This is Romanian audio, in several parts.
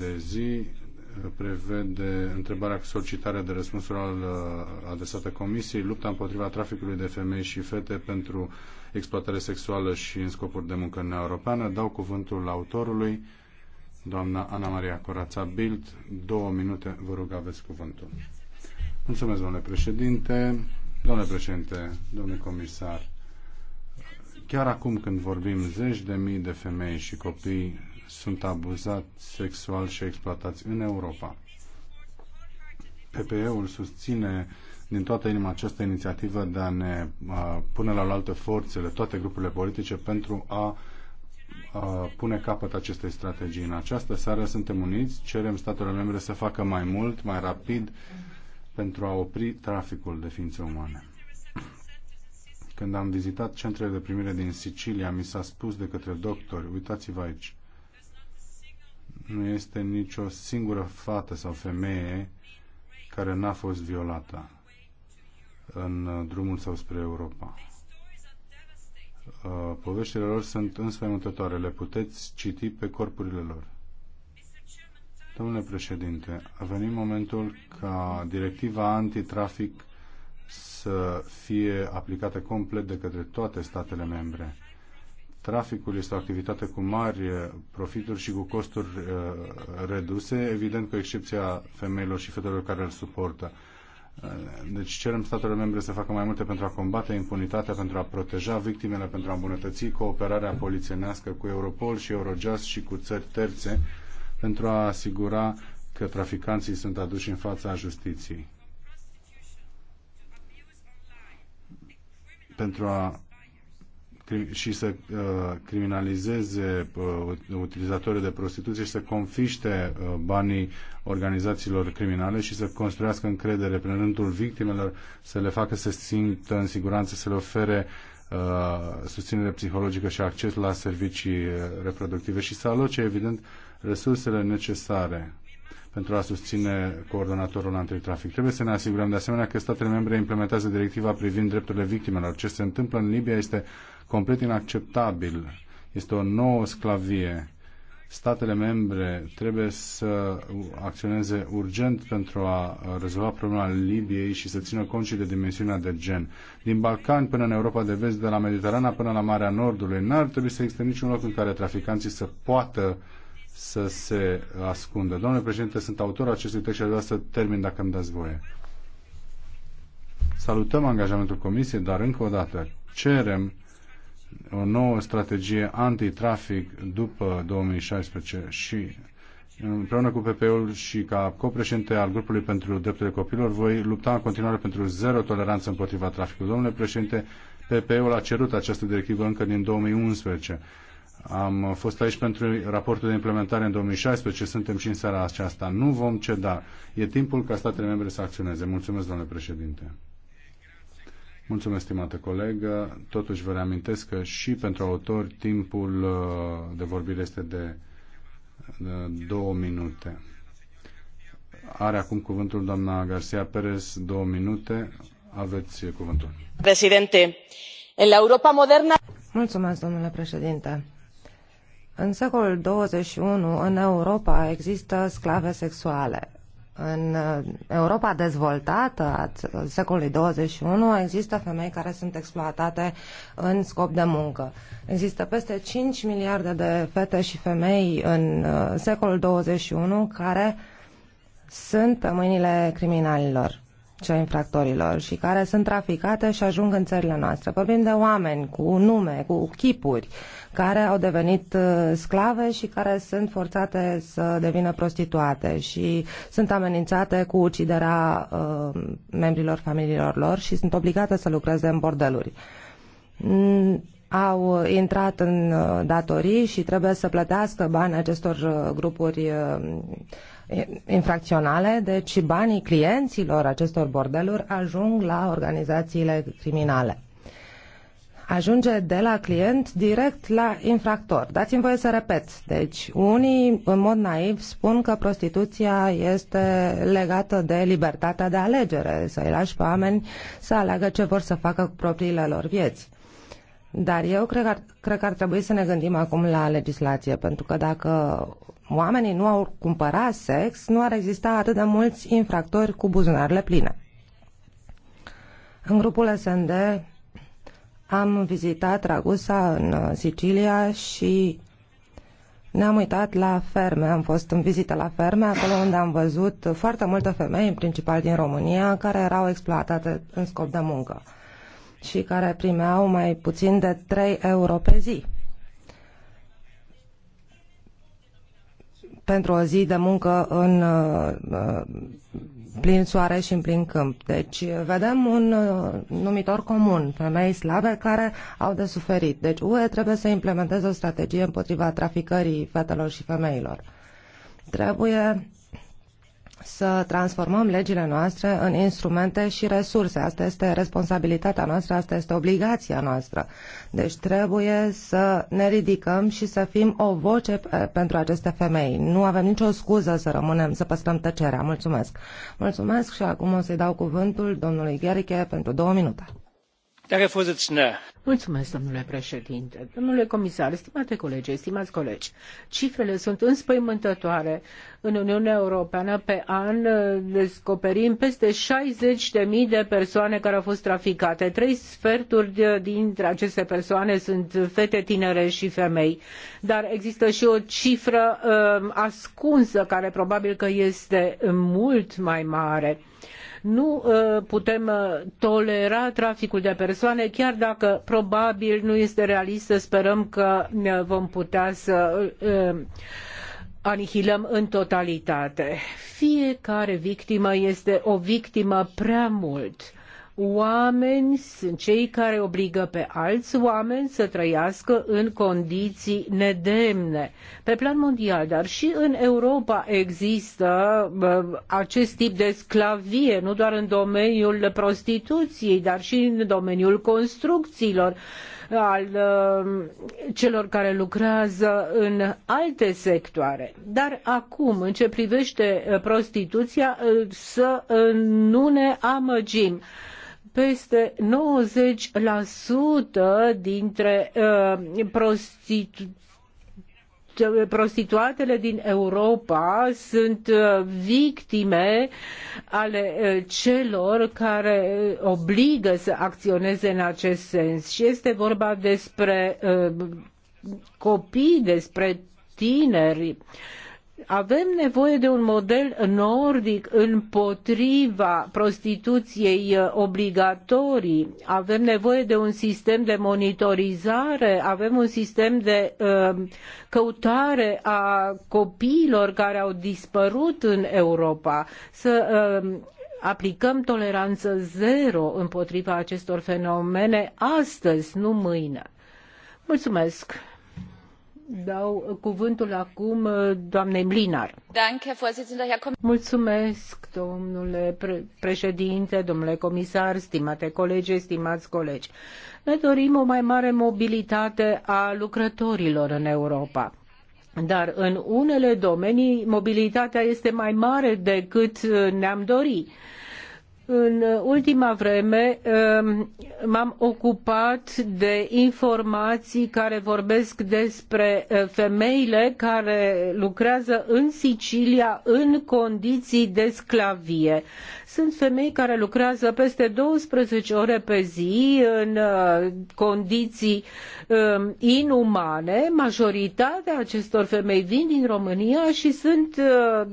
de zi eh, prevede întrebarea solicitarea de răspunsuri al eh, adresată Comisiei, lupta împotriva traficului de femei și fete pentru exploatare sexuală și în scopuri de muncă în europeană. Dau cuvântul autorului, doamna Ana Maria Corața Bild. Două minute, vă rog, aveți cuvântul. Mulțumesc, domnule președinte. Domnule președinte, domnule comisar, chiar acum când vorbim, zeci de mii de femei și copii sunt abuzați sexual și exploatați în Europa. PPE-ul susține din toată inima această inițiativă de a ne a, pune la altă forțele, toate grupurile politice, pentru a, a pune capăt acestei strategii. În această seară suntem uniți, cerem statelor membre să facă mai mult, mai rapid, pentru a opri traficul de ființe umane. Când am vizitat centrele de primire din Sicilia, mi s-a spus de către doctori, uitați-vă aici, nu este nicio singură fată sau femeie care n-a fost violată în drumul sau spre Europa. Uh, poveștile lor sunt înspăimântătoare. Le puteți citi pe corpurile lor. Domnule președinte, a venit momentul ca directiva antitrafic să fie aplicată complet de către toate statele membre Traficul este o activitate cu mari eh, profituri și cu costuri eh, reduse, evident cu excepția femeilor și fetelor care îl suportă. Eh, deci cerem statelor membre să facă mai multe pentru a combate impunitatea, pentru a proteja victimele, pentru a îmbunătăți cooperarea polițienească cu Europol și Eurojust și cu țări terțe, pentru a asigura că traficanții sunt aduși în fața justiției. Pentru a și să uh, criminalizeze uh, utilizatorii de prostituție și să confiște uh, banii organizațiilor criminale și să construiască încredere prin rândul victimelor, să le facă să simtă în siguranță, să le ofere susținere psihologică și acces la servicii reproductive și să aloce, evident, resursele necesare pentru a susține coordonatorul antitrafic. Trebuie să ne asigurăm de asemenea că statele membre implementează directiva privind drepturile victimelor. Ce se întâmplă în Libia este complet inacceptabil. Este o nouă sclavie. Statele membre trebuie să acționeze urgent pentru a rezolva problema Libiei și să țină cont și de dimensiunea de gen. Din Balcani până în Europa de Vest, de la Mediterana până la Marea Nordului, n-ar trebui să existe niciun loc în care traficanții să poată uh, să se ascundă. Domnule președinte, sunt autorul acestui text și aș vrea să termin dacă îmi dați voie. Salutăm angajamentul Comisiei, dar încă o dată cerem o nouă strategie antitrafic după 2016 și împreună cu PP-ul și ca copreședinte al grupului pentru drepturile copilor voi lupta în continuare pentru zero toleranță împotriva traficului. Domnule președinte, PP-ul a cerut această directivă încă din 2011 am fost aici pentru raportul de implementare în 2016, suntem și în seara aceasta. Nu vom ceda. E timpul ca statele membre să acționeze. Mulțumesc, domnule președinte. Mulțumesc, stimată colegă. Totuși vă reamintesc că și pentru autori timpul uh, de vorbire este de, de două minute. Are acum cuvântul doamna Garcia Perez, două minute. Aveți cuvântul. Președinte, în Europa modernă... Mulțumesc, domnule președinte. În secolul 21, în Europa, există sclave sexuale. În uh, Europa dezvoltată a uh, secolului 21 există femei care sunt exploatate în scop de muncă. Există peste 5 miliarde de fete și femei în uh, secolul 21 care sunt pe mâinile criminalilor cea infractorilor și care sunt traficate și ajung în țările noastre. Vorbim de oameni cu nume, cu chipuri, care au devenit uh, sclave și care sunt forțate să devină prostituate și sunt amenințate cu uciderea uh, membrilor familiilor lor și sunt obligate să lucreze în bordeluri. Mm au intrat în uh, datorii și trebuie să plătească bani acestor uh, grupuri infracționale, deci banii clienților acestor bordeluri ajung la organizațiile criminale. Ajunge de la client direct la infractor. Dați-mi voie să repet. Deci, unii, în mod naiv, spun că prostituția este legată de libertatea de alegere, să-i lași pe oameni să aleagă ce vor să facă cu propriile lor vieți. Dar eu cred că, ar, cred că ar trebui să ne gândim acum la legislație, pentru că dacă oamenii nu au cumpărat sex, nu ar exista atât de mulți infractori cu buzunarele pline. În grupul SND am vizitat Ragusa în uh, Sicilia și ne-am uitat la ferme, am fost în vizită la ferme, acolo unde am văzut foarte multe femei, în principal din România, care erau exploatate în scop de muncă și care primeau mai puțin de 3 euro pe zi. pentru o zi de muncă în uh, uh, plin soare și în plin câmp. Deci vedem un uh, numitor comun, femei slabe care au de suferit. Deci UE trebuie să implementeze o strategie împotriva traficării fetelor și femeilor. Trebuie să transformăm legile noastre în instrumente și resurse. Asta este responsabilitatea noastră, asta este obligația noastră. Deci trebuie să ne ridicăm și să fim o voce pentru aceste femei. Nu avem nicio scuză să rămânem, să păstrăm tăcerea. Mulțumesc. Mulțumesc și acum o să-i dau cuvântul domnului Gherche pentru două minute. Mulțumesc, domnule președinte, domnule comisar, stimate colegi, stimați colegi. Cifrele sunt înspăimântătoare. În Uniunea Europeană pe an descoperim peste 60.000 de persoane care au fost traficate. Trei sferturi dintre aceste persoane sunt fete tinere și femei. Dar există și o cifră ă, ascunsă care probabil că este mult mai mare. Nu uh, putem uh, tolera traficul de persoane, chiar dacă probabil nu este realist să sperăm că uh, vom putea să anihilăm în totalitate. Fiecare victimă este o victimă prea mult oameni sunt cei care obligă pe alți oameni să trăiască în condiții nedemne. Pe plan mondial, dar și în Europa există acest tip de sclavie, nu doar în domeniul prostituției, dar și în domeniul construcțiilor al ă, celor care lucrează în alte sectoare. Dar acum, în ce privește ă, prostituția, ă, să nu ne amăgim peste 90% dintre uh, prostitu- prostituatele din Europa sunt uh, victime ale uh, celor care obligă să acționeze în acest sens. Și este vorba despre copii, despre tineri. Uh, avem nevoie de un model nordic împotriva prostituției uh, obligatorii, avem nevoie de un sistem de monitorizare, avem un sistem de uh, căutare a copiilor care au dispărut în Europa, să uh, aplicăm toleranță zero împotriva acestor fenomene astăzi, nu mâine. Mulțumesc! Dau uh, cuvântul acum uh, doamnei Mlinar. Mulțumesc, domnule pre- președinte, domnule comisar, stimate colegi, stimați colegi. Ne dorim o mai mare mobilitate a lucrătorilor în Europa. Dar în unele domenii mobilitatea este mai mare decât uh, ne-am dorit în ultima vreme um, m-am ocupat de informații care vorbesc despre uh, femeile care lucrează în Sicilia în condiții de sclavie. Sunt femei care lucrează peste 12 ore pe zi în uh, condiții um, inumane. Majoritatea acestor femei vin din România și sunt uh,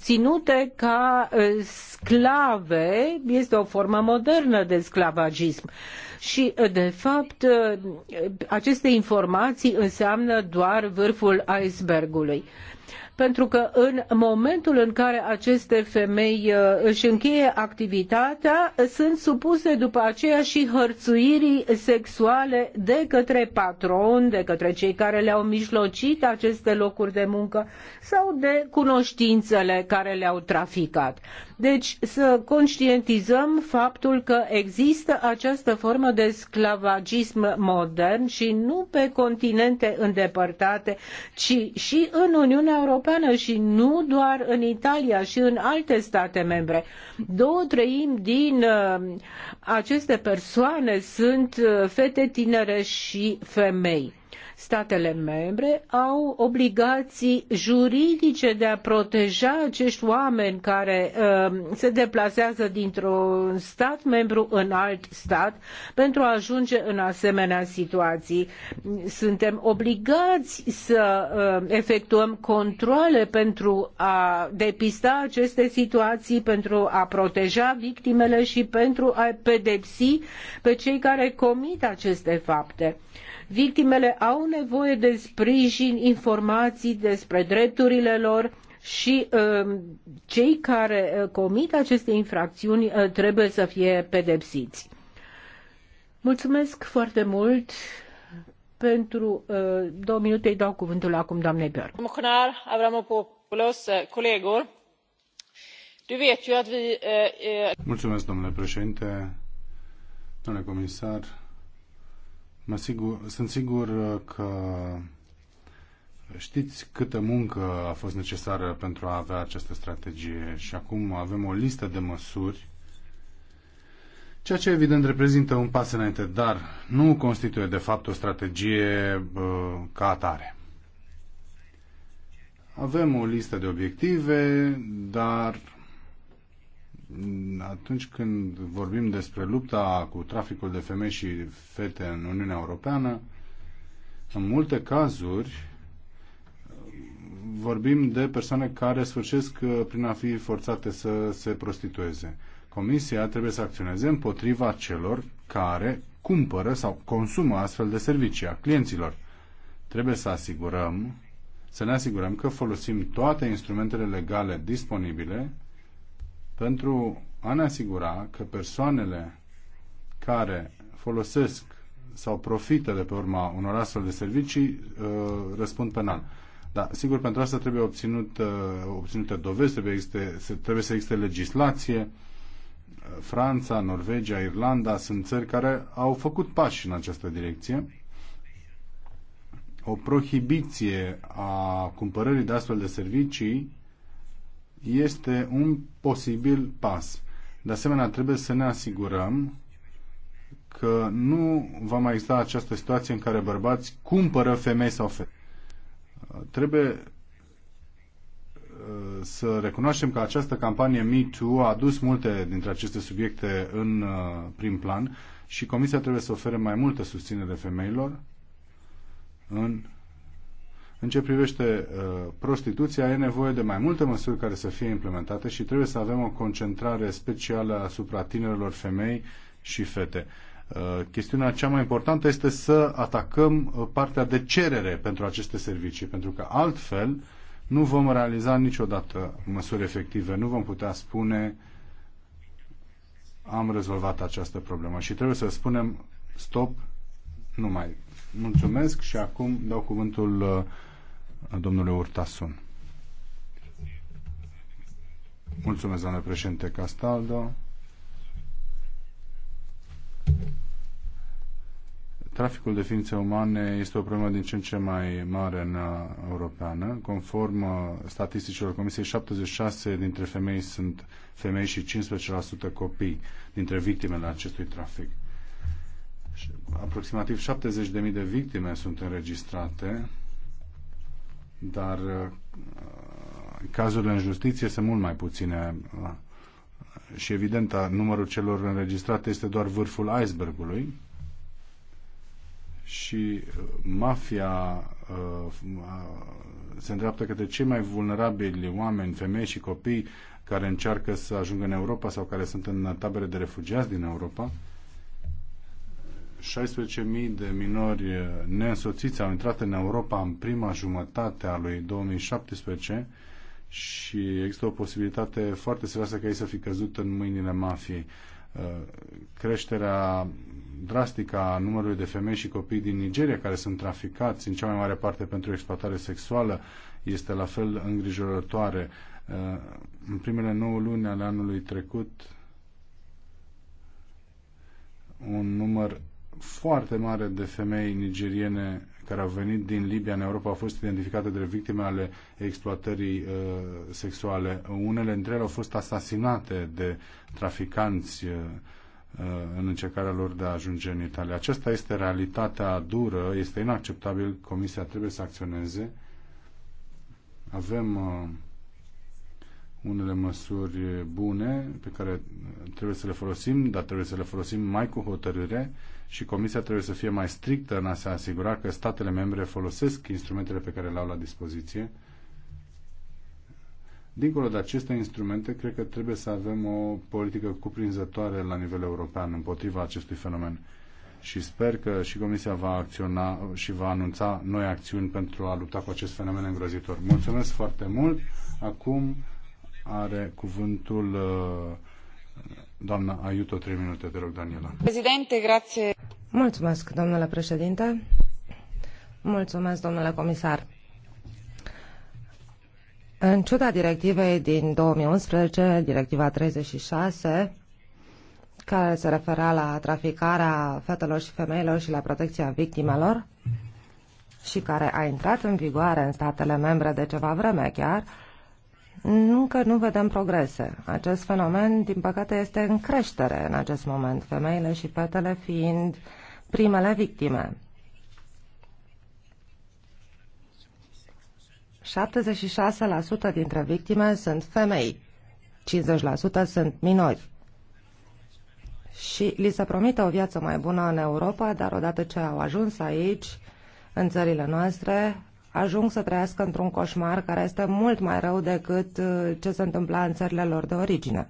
ținute ca sclave este o formă modernă de sclavagism. Și, uh, de fapt, uh, aceste informații înseamnă doar vârful icebergului pentru că în momentul în care aceste femei uh, își încheie activitatea, sunt supuse după aceea și hărțuirii sexuale de către patron, de către cei care le-au mijlocit aceste locuri de muncă sau de cunoștințele care le-au traficat. Deci să conștientizăm faptul că există această formă de sclavagism modern și nu pe continente îndepărtate, ci și în Uniunea Europeană Europeană și nu doar în Italia și în alte state membre. Două treimi din uh, aceste persoane sunt uh, fete tinere și femei statele membre au obligații juridice de a proteja acești oameni care uh, se deplasează dintr-un stat membru în alt stat pentru a ajunge în asemenea situații. Suntem obligați să uh, efectuăm controle pentru a depista aceste situații, pentru a proteja victimele și pentru a pedepsi pe cei care comit aceste fapte. Victimele au nevoie de sprijin, informații despre drepturile lor și um, cei care uh, comit aceste infracțiuni uh, trebuie să fie pedepsiți. Mulțumesc foarte mult pentru uh, două minute îi dau cuvântul acum doamnei Björk. Moționar Avramopoulos, colegor, Mulțumesc, domnule președinte, domnule comisar, Mă sigur, sunt sigur uh, că știți câtă muncă a fost necesară pentru a avea această strategie și acum avem o listă de măsuri ceea ce evident reprezintă un pas înainte, dar nu constituie de fapt o strategie bă, uh, ca atare. Avem o listă de obiective, dar atunci când vorbim despre lupta cu traficul de femei și fete în Uniunea Europeană, în multe cazuri vorbim de persoane care sfârșesc uh, prin a fi forțate să se prostitueze. Comisia trebuie să acționeze împotriva celor care cumpără sau consumă astfel de servicii a clienților. Trebuie să asigurăm, să ne asigurăm că folosim toate instrumentele legale disponibile pentru a ne asigura că persoanele care folosesc sau profită de pe urma unor astfel de servicii uh, răspund penal. Da, sigur, pentru asta trebuie obținut, uh, obținute dovezi, trebuie, existe, trebuie să existe legislație. Uh, Franța, Norvegia, Irlanda sunt țări care au făcut pași în această direcție. O prohibiție a cumpărării de astfel de servicii este un posibil pas. De asemenea, trebuie să ne asigurăm că nu va mai exista această situație în care bărbați cumpără femei sau fete. Uh, trebuie uh, să recunoaștem că această campanie Me Too a adus multe dintre aceste subiecte în uh, prim plan și Comisia trebuie să ofere mai multă susținere femeilor în în ce privește uh, prostituția, e nevoie de mai multe măsuri care să fie implementate și trebuie să avem o concentrare specială asupra tinerilor femei și fete. Uh, chestiunea cea mai importantă este să atacăm uh, partea de cerere pentru aceste servicii, pentru că altfel nu vom realiza niciodată măsuri efective, nu vom putea spune am rezolvat această problemă și trebuie să spunem stop, nu mai. Mulțumesc și acum dau cuvântul domnului Urtasun. Mulțumesc, doamne președinte Castaldo. Traficul de ființe umane este o problemă din ce în ce mai mare în europeană. Conform uh, statisticilor Comisiei, 76 dintre femei sunt femei și 15% copii dintre victimele acestui trafic. Aproximativ 70.000 de victime sunt înregistrate dar uh, cazurile în justiție sunt mult mai puține uh, și evident numărul celor înregistrate este doar vârful icebergului și uh, mafia se îndreaptă către cei mai vulnerabili oameni, femei și copii care încearcă să ajungă în Europa sau care sunt în tabere de refugiați din Europa 16.000 de minori eh, neînsoțiți au intrat în Europa în prima jumătate a lui 2017 și există o posibilitate foarte serioasă ca ei să fi căzut în mâinile mafiei. Eh, creșterea drastică a numărului de femei și copii din Nigeria care sunt traficați în cea mai mare parte pentru exploatare sexuală este la fel îngrijorătoare. Eh, în primele 9 luni ale anului trecut, un număr foarte mare de femei nigeriene care au venit din Libia în Europa au fost identificate de victime ale exploatării uh, sexuale. Unele dintre ele au fost asasinate de traficanți uh, uh, în încercarea lor de a ajunge în Italia. Aceasta este realitatea dură, este inacceptabil, Comisia trebuie să acționeze. Avem uh, unele măsuri bune pe care trebuie să le folosim, dar trebuie să le folosim mai cu hotărâre și Comisia trebuie să fie mai strictă în a se asigura că statele membre folosesc instrumentele pe care le au la dispoziție. Dincolo de aceste instrumente, cred că trebuie să avem o politică cuprinzătoare la nivel european împotriva acestui fenomen și sper că și Comisia va acționa și va anunța noi acțiuni pentru a lupta cu acest fenomen îngrozitor. Mulțumesc foarte mult! Acum are cuvântul uh, Doamna Aiuto, trei minute, te rog, Daniela. Președinte, grație. Mulțumesc, domnule președinte. Mulțumesc, domnule comisar. În ciuda directivei din 2011, directiva 36, care se referea la traficarea fetelor și femeilor și la protecția victimelor, și care a intrat în vigoare în statele membre de ceva vreme chiar, încă nu vedem progrese. Acest fenomen, din păcate, este în creștere în acest moment, femeile și fetele fiind primele victime. 76% dintre victime sunt femei, 50% sunt minori. Și li se promite o viață mai bună în Europa, dar odată ce au ajuns aici, în țările noastre, ajung să trăiască într-un coșmar care este mult mai rău decât uh, ce se întâmpla în țările lor de origine.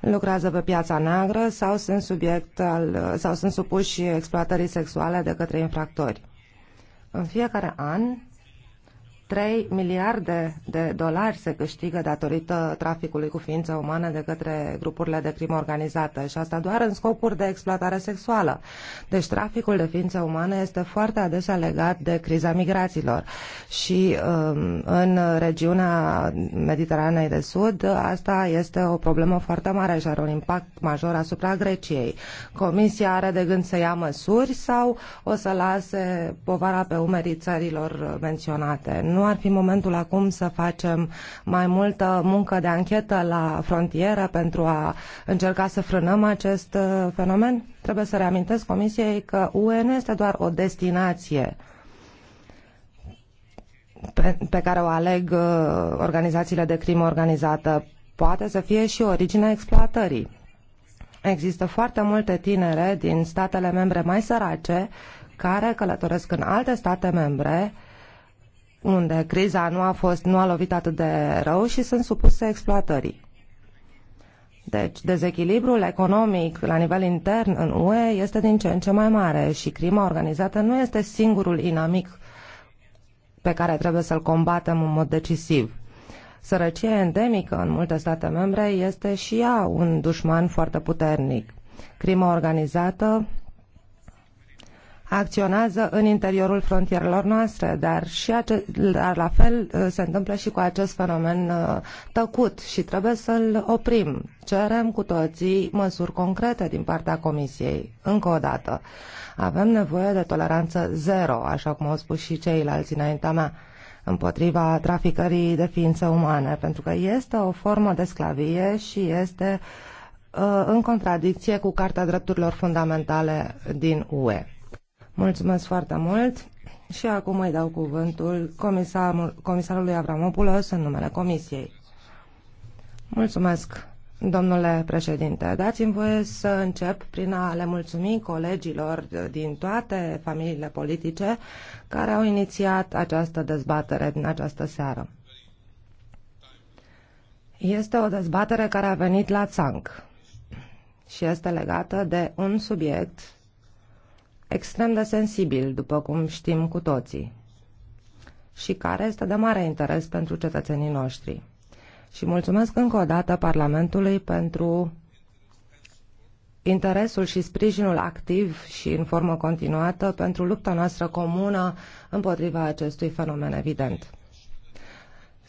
Lucrează pe piața neagră sau sunt, subiect al, uh, sau sunt supuși exploatării sexuale de către infractori. În fiecare an, 3 miliarde de dolari se câștigă datorită traficului cu ființe umane de către grupurile de crimă organizată și asta doar în scopuri de exploatare sexuală. Deci traficul de ființe umane este foarte adesea legat de criza migrațiilor și um, în regiunea Mediteranei de Sud asta este o problemă foarte mare și are un impact major asupra Greciei. Comisia are de gând să ia măsuri sau o să lase povara pe umerii țărilor menționate? Nu nu ar fi momentul acum să facem mai multă muncă de anchetă la frontieră pentru a încerca să frânăm acest uh, fenomen? Trebuie să reamintesc Comisiei că UE nu este doar o destinație pe, pe care o aleg uh, organizațiile de crimă organizată. Poate să fie și originea exploatării. Există foarte multe tinere din statele membre mai sărace care călătoresc în alte state membre unde criza nu a, fost, nu a lovit atât de rău și sunt supuse exploatării. Deci, dezechilibrul economic la nivel intern în UE este din ce în ce mai mare și crima organizată nu este singurul inamic pe care trebuie să-l combatem în mod decisiv. Sărăcia endemică în multe state membre este și ea un dușman foarte puternic. Crima organizată acționează în interiorul frontierelor noastre, dar și ace- dar la fel uh, se întâmplă și cu acest fenomen uh, tăcut și trebuie să-l oprim. Cerem cu toții măsuri concrete din partea Comisiei, încă o dată. Avem nevoie de toleranță zero, așa cum au spus și ceilalți înaintea mea împotriva traficării de ființe umane, pentru că este o formă de sclavie și este uh, în contradicție cu Carta Drepturilor Fundamentale din UE. Mulțumesc foarte mult și acum îi dau cuvântul comisarul, comisarului Avramopoulos în numele Comisiei. Mulțumesc, domnule președinte. Dați-mi voie să încep prin a le mulțumi colegilor din toate familiile politice care au inițiat această dezbatere din această seară. Este o dezbatere care a venit la țanc și este legată de un subiect extrem de sensibil, după cum știm cu toții, și care este de mare interes pentru cetățenii noștri. Și mulțumesc încă o dată Parlamentului pentru interesul și sprijinul activ și în formă continuată pentru lupta noastră comună împotriva acestui fenomen evident.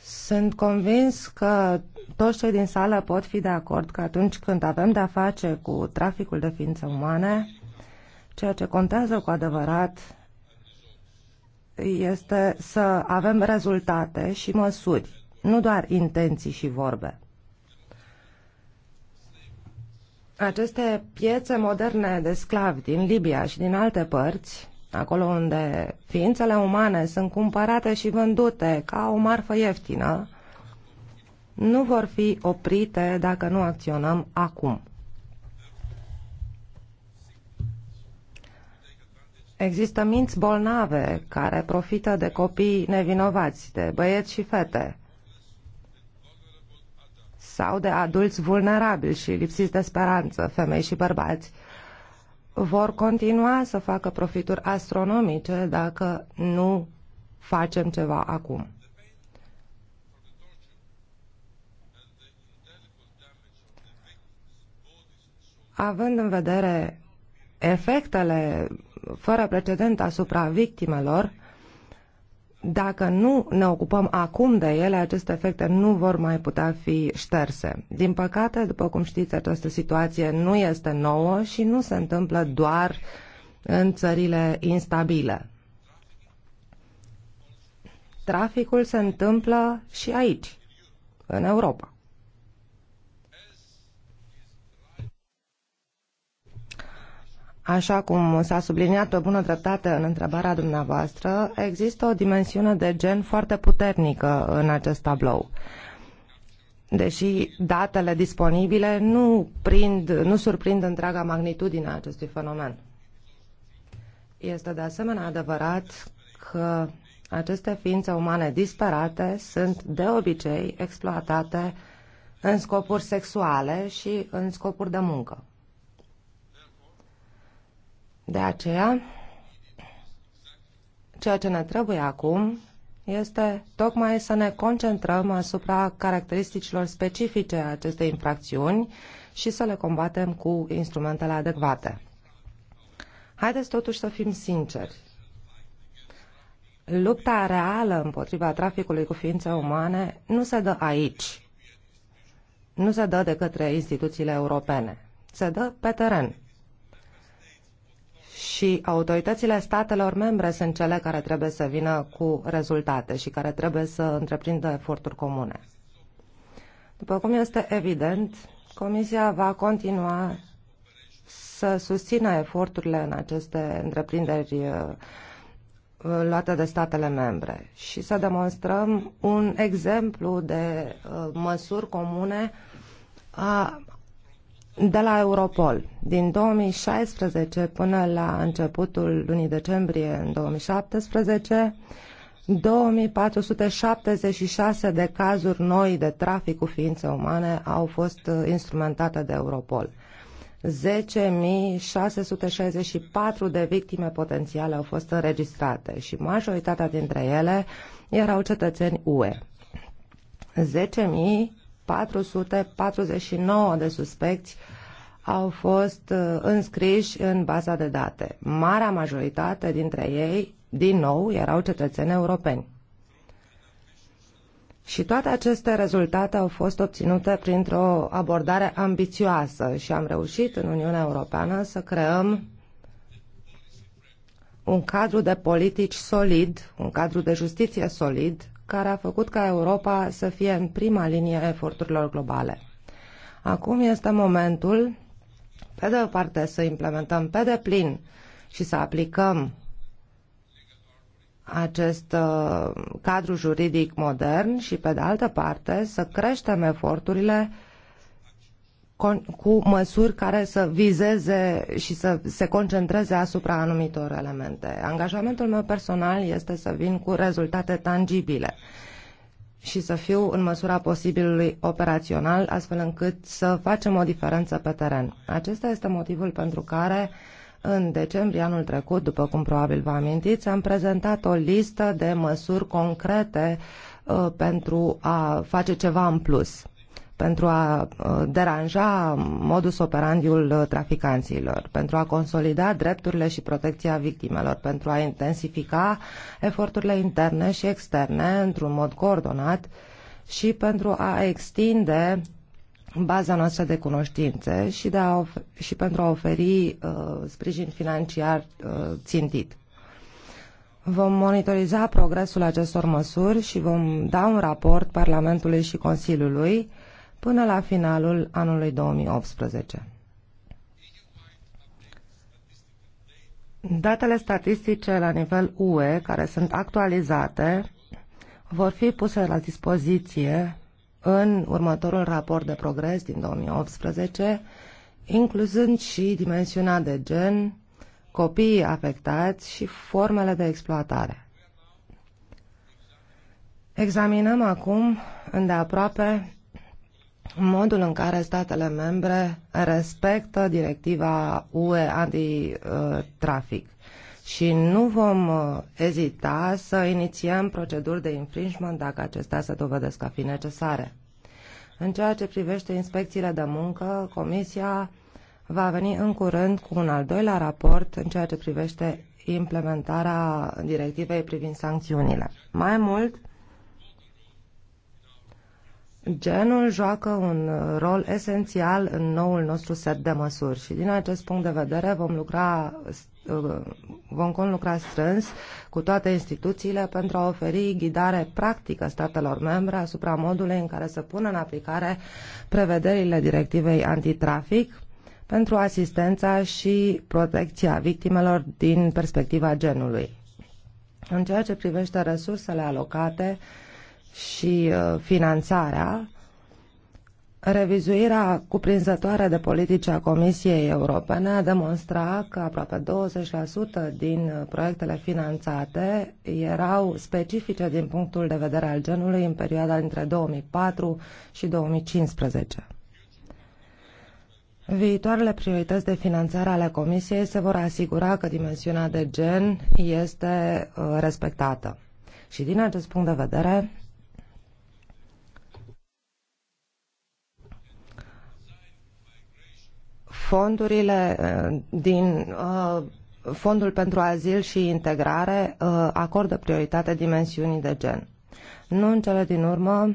Sunt convins că toți cei din sală pot fi de acord că atunci când avem de-a face cu traficul de ființe umane, Ceea ce contează cu adevărat este să avem rezultate și măsuri, nu doar intenții și vorbe. Aceste piețe moderne de sclavi din Libia și din alte părți, acolo unde ființele umane sunt cumpărate și vândute ca o marfă ieftină, nu vor fi oprite dacă nu acționăm acum. Există minți bolnave care profită de copii nevinovați, de băieți și fete sau de adulți vulnerabili și lipsiți de speranță, femei și bărbați, vor continua să facă profituri astronomice dacă nu facem ceva acum. Având în vedere efectele fără precedent asupra victimelor, dacă nu ne ocupăm acum de ele, aceste efecte nu vor mai putea fi șterse. Din păcate, după cum știți, această situație nu este nouă și nu se întâmplă doar în țările instabile. Traficul se întâmplă și aici, în Europa. Așa cum s-a subliniat pe bună dreptate în întrebarea dumneavoastră, există o dimensiune de gen foarte puternică în acest tablou. Deși datele disponibile nu, prind, nu surprind întreaga magnitudine a acestui fenomen. Este de asemenea adevărat că aceste ființe umane disparate sunt de obicei exploatate în scopuri sexuale și în scopuri de muncă. De aceea, ceea ce ne trebuie acum este tocmai să ne concentrăm asupra caracteristicilor specifice a acestei infracțiuni și să le combatem cu instrumentele adecvate. Haideți totuși să fim sinceri. Lupta reală împotriva traficului cu ființe umane nu se dă aici. Nu se dă de către instituțiile europene. Se dă pe teren și autoritățile statelor membre sunt cele care trebuie să vină cu rezultate și care trebuie să întreprindă eforturi comune. După cum este evident, Comisia va continua să susțină eforturile în aceste întreprinderi uh, luate de statele membre și să demonstrăm un exemplu de uh, măsuri comune a de la Europol. Din 2016 până la începutul lunii decembrie în 2017, 2476 de cazuri noi de trafic cu ființe umane au fost uh, instrumentate de Europol. 10.664 de victime potențiale au fost înregistrate și majoritatea dintre ele erau cetățeni UE. 10.000 449 de suspecți au fost uh, înscriși în baza de date. Marea majoritate dintre ei, din nou, erau cetățeni europeni. Și toate aceste rezultate au fost obținute printr-o abordare ambițioasă și am reușit în Uniunea Europeană să creăm un cadru de politici solid, un cadru de justiție solid, care a făcut ca Europa să fie în prima linie eforturilor globale. Acum este momentul, pe de o parte, să implementăm pe deplin și să aplicăm acest uh, cadru juridic modern și, pe de altă parte, să creștem eforturile uh, cu măsuri care să vizeze și să se concentreze asupra anumitor elemente. Angajamentul meu personal este să vin cu rezultate tangibile și să fiu în măsura posibilului operațional, astfel încât să facem o diferență pe teren. Acesta este motivul pentru care în decembrie anul trecut, după cum probabil vă amintiți, am prezentat o listă de măsuri concrete uh, pentru a face ceva în plus pentru a uh, deranja modus operandiul uh, traficanților, pentru a consolida drepturile și protecția victimelor, pentru a intensifica eforturile interne și externe într-un mod coordonat și pentru a extinde baza noastră de cunoștințe și, de a și pentru a oferi uh, sprijin financiar uh, țintit. Vom monitoriza progresul acestor măsuri și vom da un raport Parlamentului și Consiliului până la finalul anului 2018. Datele statistice la nivel UE, care sunt actualizate, vor fi puse la dispoziție în următorul raport de progres din 2018, incluzând și dimensiunea de gen, copiii afectați și formele de exploatare. Examinăm acum îndeaproape modul în care statele membre respectă directiva UE anti anti-trafic. Și nu vom uh, ezita să inițiem proceduri de infringement dacă acestea se dovedesc a fi necesare. În ceea ce privește inspecțiile de muncă, Comisia va veni în curând cu un al doilea raport în ceea ce privește implementarea directivei privind sancțiunile. Mai mult, Genul joacă un uh, rol esențial în noul nostru set de măsuri și din acest punct de vedere vom lucra uh, vom conlucra strâns cu toate instituțiile pentru a oferi ghidare practică statelor membre asupra modului în care să pună în aplicare prevederile directivei antitrafic pentru asistența și protecția victimelor din perspectiva genului. În ceea ce privește resursele alocate, și uh, finanțarea, revizuirea cuprinzătoare de politice a Comisiei Europene a demonstrat că aproape 20% din uh, proiectele finanțate erau specifice din punctul de vedere al genului în perioada dintre 2004 și 2015. Viitoarele priorități de finanțare ale Comisiei se vor asigura că dimensiunea de gen este uh, respectată. Și din acest punct de vedere, fondurile uh, din uh, Fondul pentru Azil și Integrare uh, acordă prioritate dimensiunii de gen. Nu în cele din urmă,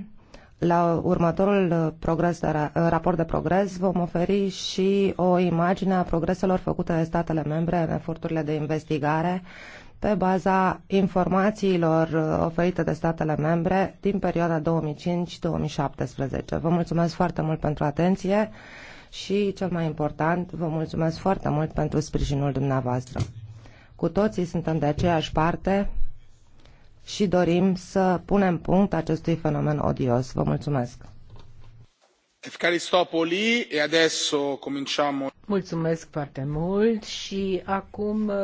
la următorul progres de raport de progres vom oferi și o imagine a progreselor făcute de statele membre în eforturile de investigare pe baza informațiilor oferite de statele membre din perioada 2005-2017. Vă mulțumesc foarte mult pentru atenție și, cel mai important, vă mulțumesc foarte mult pentru sprijinul dumneavoastră. Cu toții suntem de aceeași parte și dorim să punem punct acestui fenomen odios. Vă mulțumesc! Mulțumesc foarte mult și acum uh,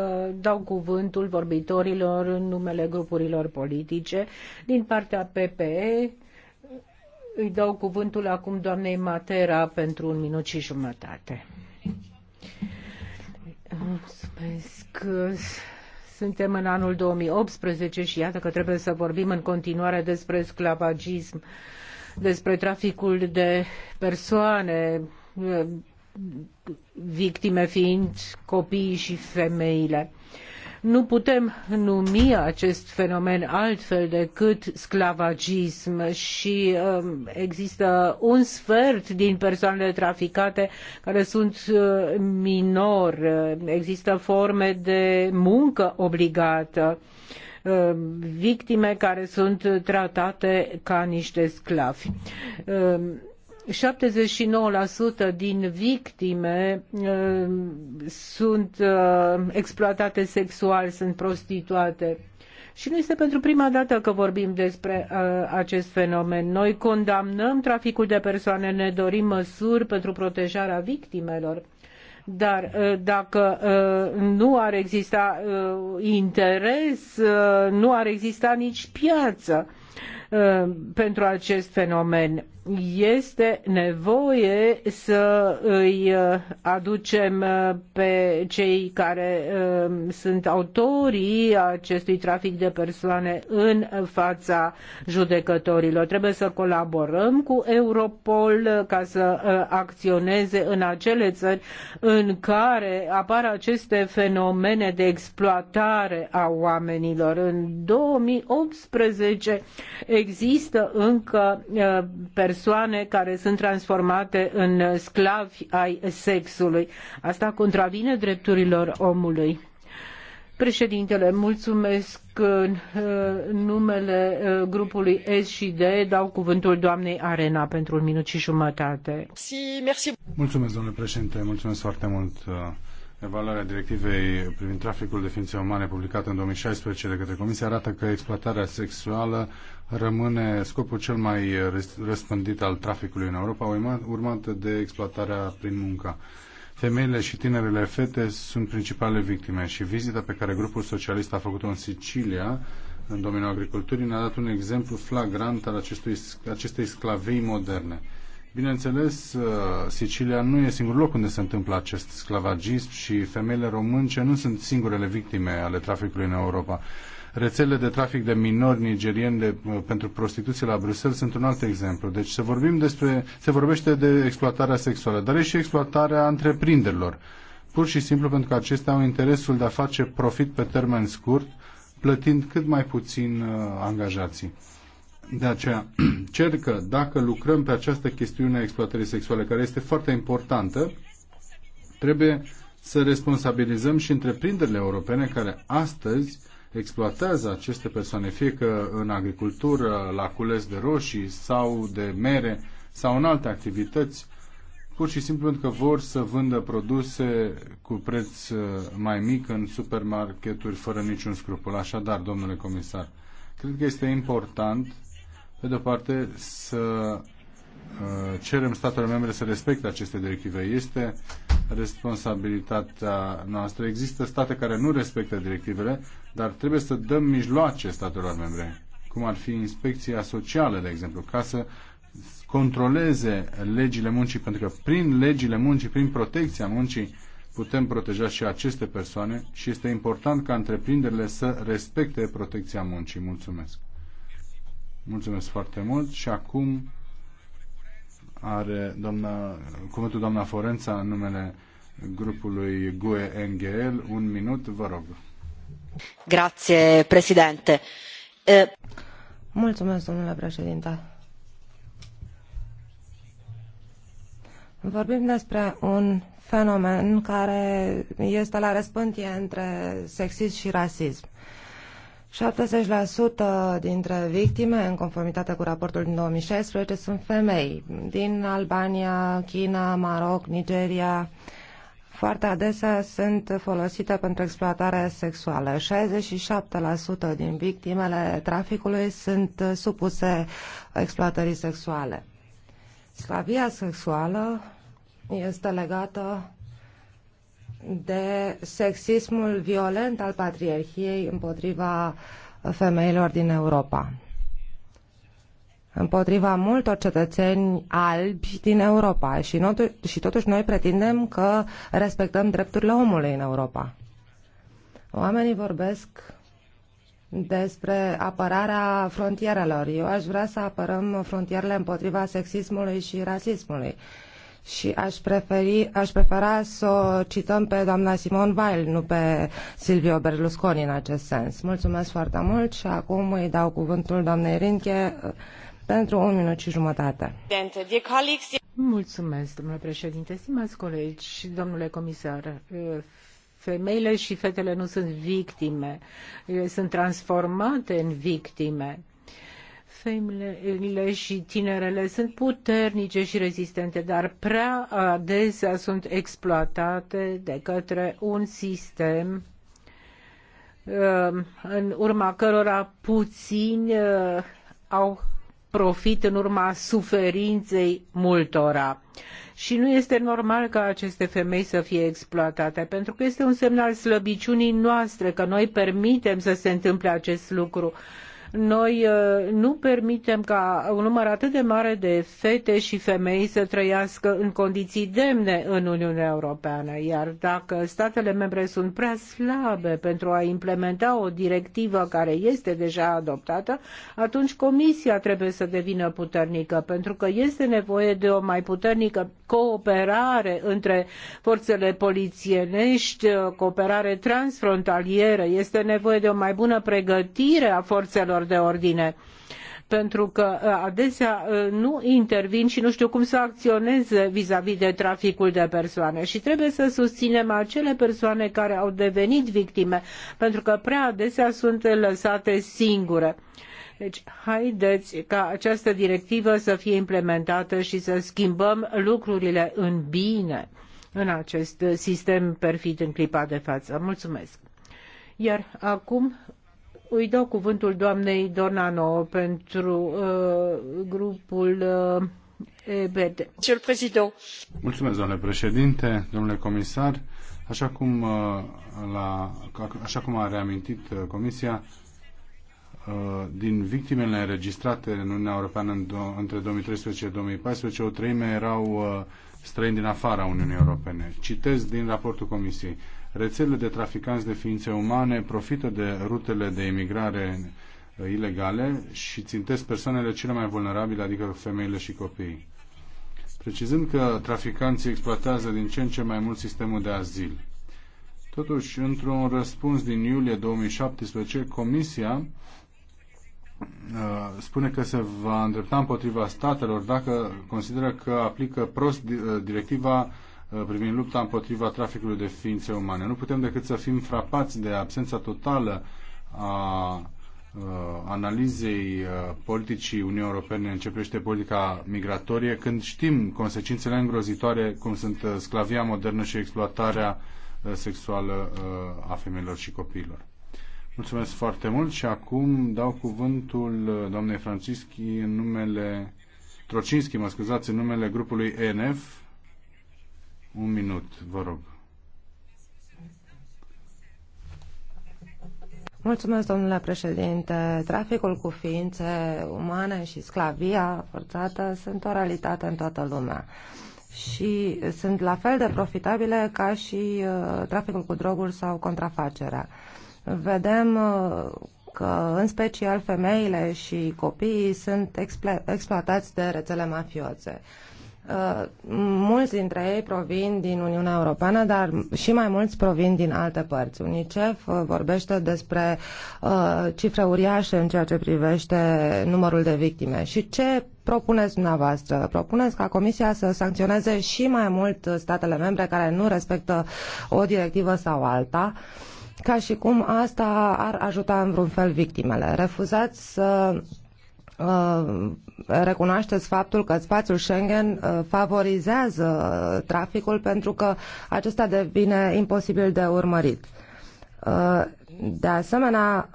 dau cuvântul vorbitorilor în numele grupurilor politice din partea PPE, îi dau cuvântul acum doamnei Matera pentru un minut și jumătate. Mulțumesc. Suntem în anul 2018 și iată că trebuie să vorbim în continuare despre sclavagism, despre traficul de persoane, victime fiind copiii și femeile. Uh, nu putem numi acest fenomen altfel decât sclavagism și um, există un sfert din persoanele traficate care sunt uh, minori. Există forme de muncă obligată um, victime care sunt tratate ca niște sclavi um, 79% din victime uh, sunt uh, exploatate sexual, sunt prostituate. Și nu este pentru prima dată că vorbim despre uh, acest fenomen. Noi condamnăm traficul de persoane, ne dorim măsuri pentru protejarea victimelor. Dar uh, dacă uh, nu ar exista uh, interes, uh, nu ar exista nici piață. Uh, Uh, pentru acest fenomen. Este nevoie să îi uh, aducem uh, pe cei care sunt autorii acestui trafic de persoane în fața judecătorilor. Trebuie să colaborăm cu Europol ca să acționeze în acele țări în care apar aceste fenomene de exploatare a oamenilor. În 2018 există încă uh, persoane care sunt transformate în sclavi ai sexului. Asta contravine drepturilor omului. Președintele, mulțumesc în uh, numele uh, grupului S și D. Dau cuvântul doamnei Arena pentru un minut și jumătate. Mulțumesc, domnule președinte, mulțumesc foarte mult. Evaluarea directivei privind traficul de ființe umane publicată în 2016 de către Comisie arată că exploatarea sexuală rămâne scopul cel mai răspândit al traficului în Europa, urmat de exploatarea prin muncă. Femeile și tinerele fete sunt principalele victime și vizita pe care grupul socialist a făcut-o în Sicilia, în domeniul agriculturii, ne-a dat un exemplu flagrant al acestui, acestei sclavii moderne. Bineînțeles, uh, Sicilia nu e singurul loc unde se întâmplă acest sclavagism și femeile românce nu sunt singurele victime ale traficului în Europa. Rețelele de trafic de minori nigerieni de, uh, pentru prostituție la Bruxelles sunt un alt exemplu. Deci se, vorbim despre, se vorbește de exploatarea sexuală, dar e și exploatarea întreprinderilor. Pur și simplu pentru că acestea au interesul de a face profit pe termen scurt, plătind cât mai puțin uh, angajații. De aceea cer că dacă lucrăm pe această chestiune a exploatării sexuale, care este foarte importantă, trebuie să responsabilizăm și întreprinderile europene care astăzi exploatează aceste persoane, fie că în agricultură, la cules de roșii sau de mere sau în alte activități, pur și simplu pentru că vor să vândă produse cu preț uh, mai mic în supermarketuri fără niciun scrupul. Așadar, domnule comisar, cred că este important, pe de-o parte, să uh, cerem statelor membre să respecte aceste directive. Este responsabilitatea noastră. Există state care nu respectă directivele dar trebuie să dăm mijloace statelor membre, cum ar fi inspecția socială, de exemplu, ca să controleze legile muncii, pentru că prin legile muncii, prin protecția muncii, putem proteja și aceste persoane și este important ca întreprinderile să respecte protecția muncii. Mulțumesc! Mulțumesc foarte mult și acum are doamna, cuvântul doamna Forența în numele grupului GUE-NGL. Un minut, vă rog. Eh, Mulțumesc, domnule președinte. Vorbim despre un fenomen care este la răspândie între sexism și rasism. 70% dintre victime, în conformitate cu raportul din 2016, sunt femei din Albania, China, Maroc, Nigeria, foarte adesea sunt folosite pentru exploatare sexuală. 67% din victimele traficului sunt supuse exploatării sexuale. Sclavia sexuală este legată de sexismul violent al patriarhiei împotriva femeilor din Europa împotriva multor cetățeni albi din Europa și, notu- și totuși noi pretindem că respectăm drepturile omului în Europa. Oamenii vorbesc despre apărarea frontierelor. Eu aș vrea să apărăm frontierele împotriva sexismului și rasismului. Și aș, preferi, aș prefera să o cităm pe doamna Simon Weil, nu pe Silvio Berlusconi în acest sens. Mulțumesc foarte mult și acum îi dau cuvântul doamnei Rinche pentru un minut și jumătate. Mulțumesc, domnule președinte, stimați colegi, domnule comisar. Femeile și fetele nu sunt victime, sunt transformate în victime. Femeile și tinerele sunt puternice și rezistente, dar prea adesea sunt exploatate de către un sistem uh, în urma cărora puțini uh, au profit în urma suferinței multora. Și nu este normal ca aceste femei să fie exploatate, pentru că este un semnal slăbiciunii noastre că noi permitem să se întâmple acest lucru. Noi uh, nu permitem ca un număr atât de mare de fete și femei să trăiască în condiții demne în Uniunea Europeană, iar dacă statele membre sunt prea slabe pentru a implementa o directivă care este deja adoptată, atunci Comisia trebuie să devină puternică, pentru că este nevoie de o mai puternică cooperare între forțele polițienești, cooperare transfrontalieră, este nevoie de o mai bună pregătire a forțelor de ordine pentru că uh, adesea uh, nu intervin și nu știu cum să acționeze vis a -vis de traficul de persoane și trebuie să susținem acele persoane care au devenit victime, pentru că prea adesea sunt lăsate singure. Deci, haideți ca această directivă să fie implementată și să schimbăm lucrurile în bine în acest sistem perfid în clipa de față. Mulțumesc! Iar acum îi dau cuvântul doamnei donano pentru uh, grupul uh, EBD. Mulțumesc, domnule președinte, domnule comisar. Așa cum, uh, la, așa cum a reamintit uh, Comisia, uh, din victimele înregistrate în Uniunea Europeană în do- între 2013 și 2014, o treime erau uh, străini din afara Uniunii Europene. Citez din raportul Comisiei. Rețelele de traficanți de ființe umane profită de rutele de emigrare uh, ilegale și țintesc persoanele cele mai vulnerabile, adică femeile și copiii. Precizând că traficanții exploatează din ce în ce mai mult sistemul de azil. Totuși, într-un răspuns din iulie 2017, Comisia uh, spune că se va îndrepta împotriva statelor dacă consideră că aplică prost uh, directiva Uh, privind lupta împotriva traficului de ființe umane. Nu putem decât să fim frapați de absența totală a uh, analizei uh, politicii Uniunii Europene în ce privește politica migratorie, când știm consecințele îngrozitoare cum sunt sclavia modernă și exploatarea sexuală a femeilor și copiilor. Mulțumesc foarte mult și acum dau cuvântul doamnei Francischi în numele Trocinski, mă scuzați, în numele grupului ENF un minut, vă rog. Mulțumesc, domnule președinte. Traficul cu ființe umane și sclavia forțată sunt o realitate în toată lumea și sunt la fel de profitabile ca și uh, traficul cu droguri sau contrafacerea. Vedem uh, că, în special, femeile și copiii sunt explo- exploatați de rețele mafioțe. Uh, mulți dintre ei provin din Uniunea Europeană, dar și mai mulți provin din alte părți. UNICEF uh, vorbește despre uh, cifre uriașe în ceea ce privește numărul de victime. Și ce propuneți dumneavoastră? Propuneți ca Comisia să sancționeze și mai mult statele membre care nu respectă o directivă sau alta? ca și cum asta ar ajuta în vreun fel victimele. Refuzați să uh, recunoașteți faptul că spațiul Schengen uh, favorizează uh, traficul pentru că acesta devine imposibil de urmărit. Uh, de asemenea,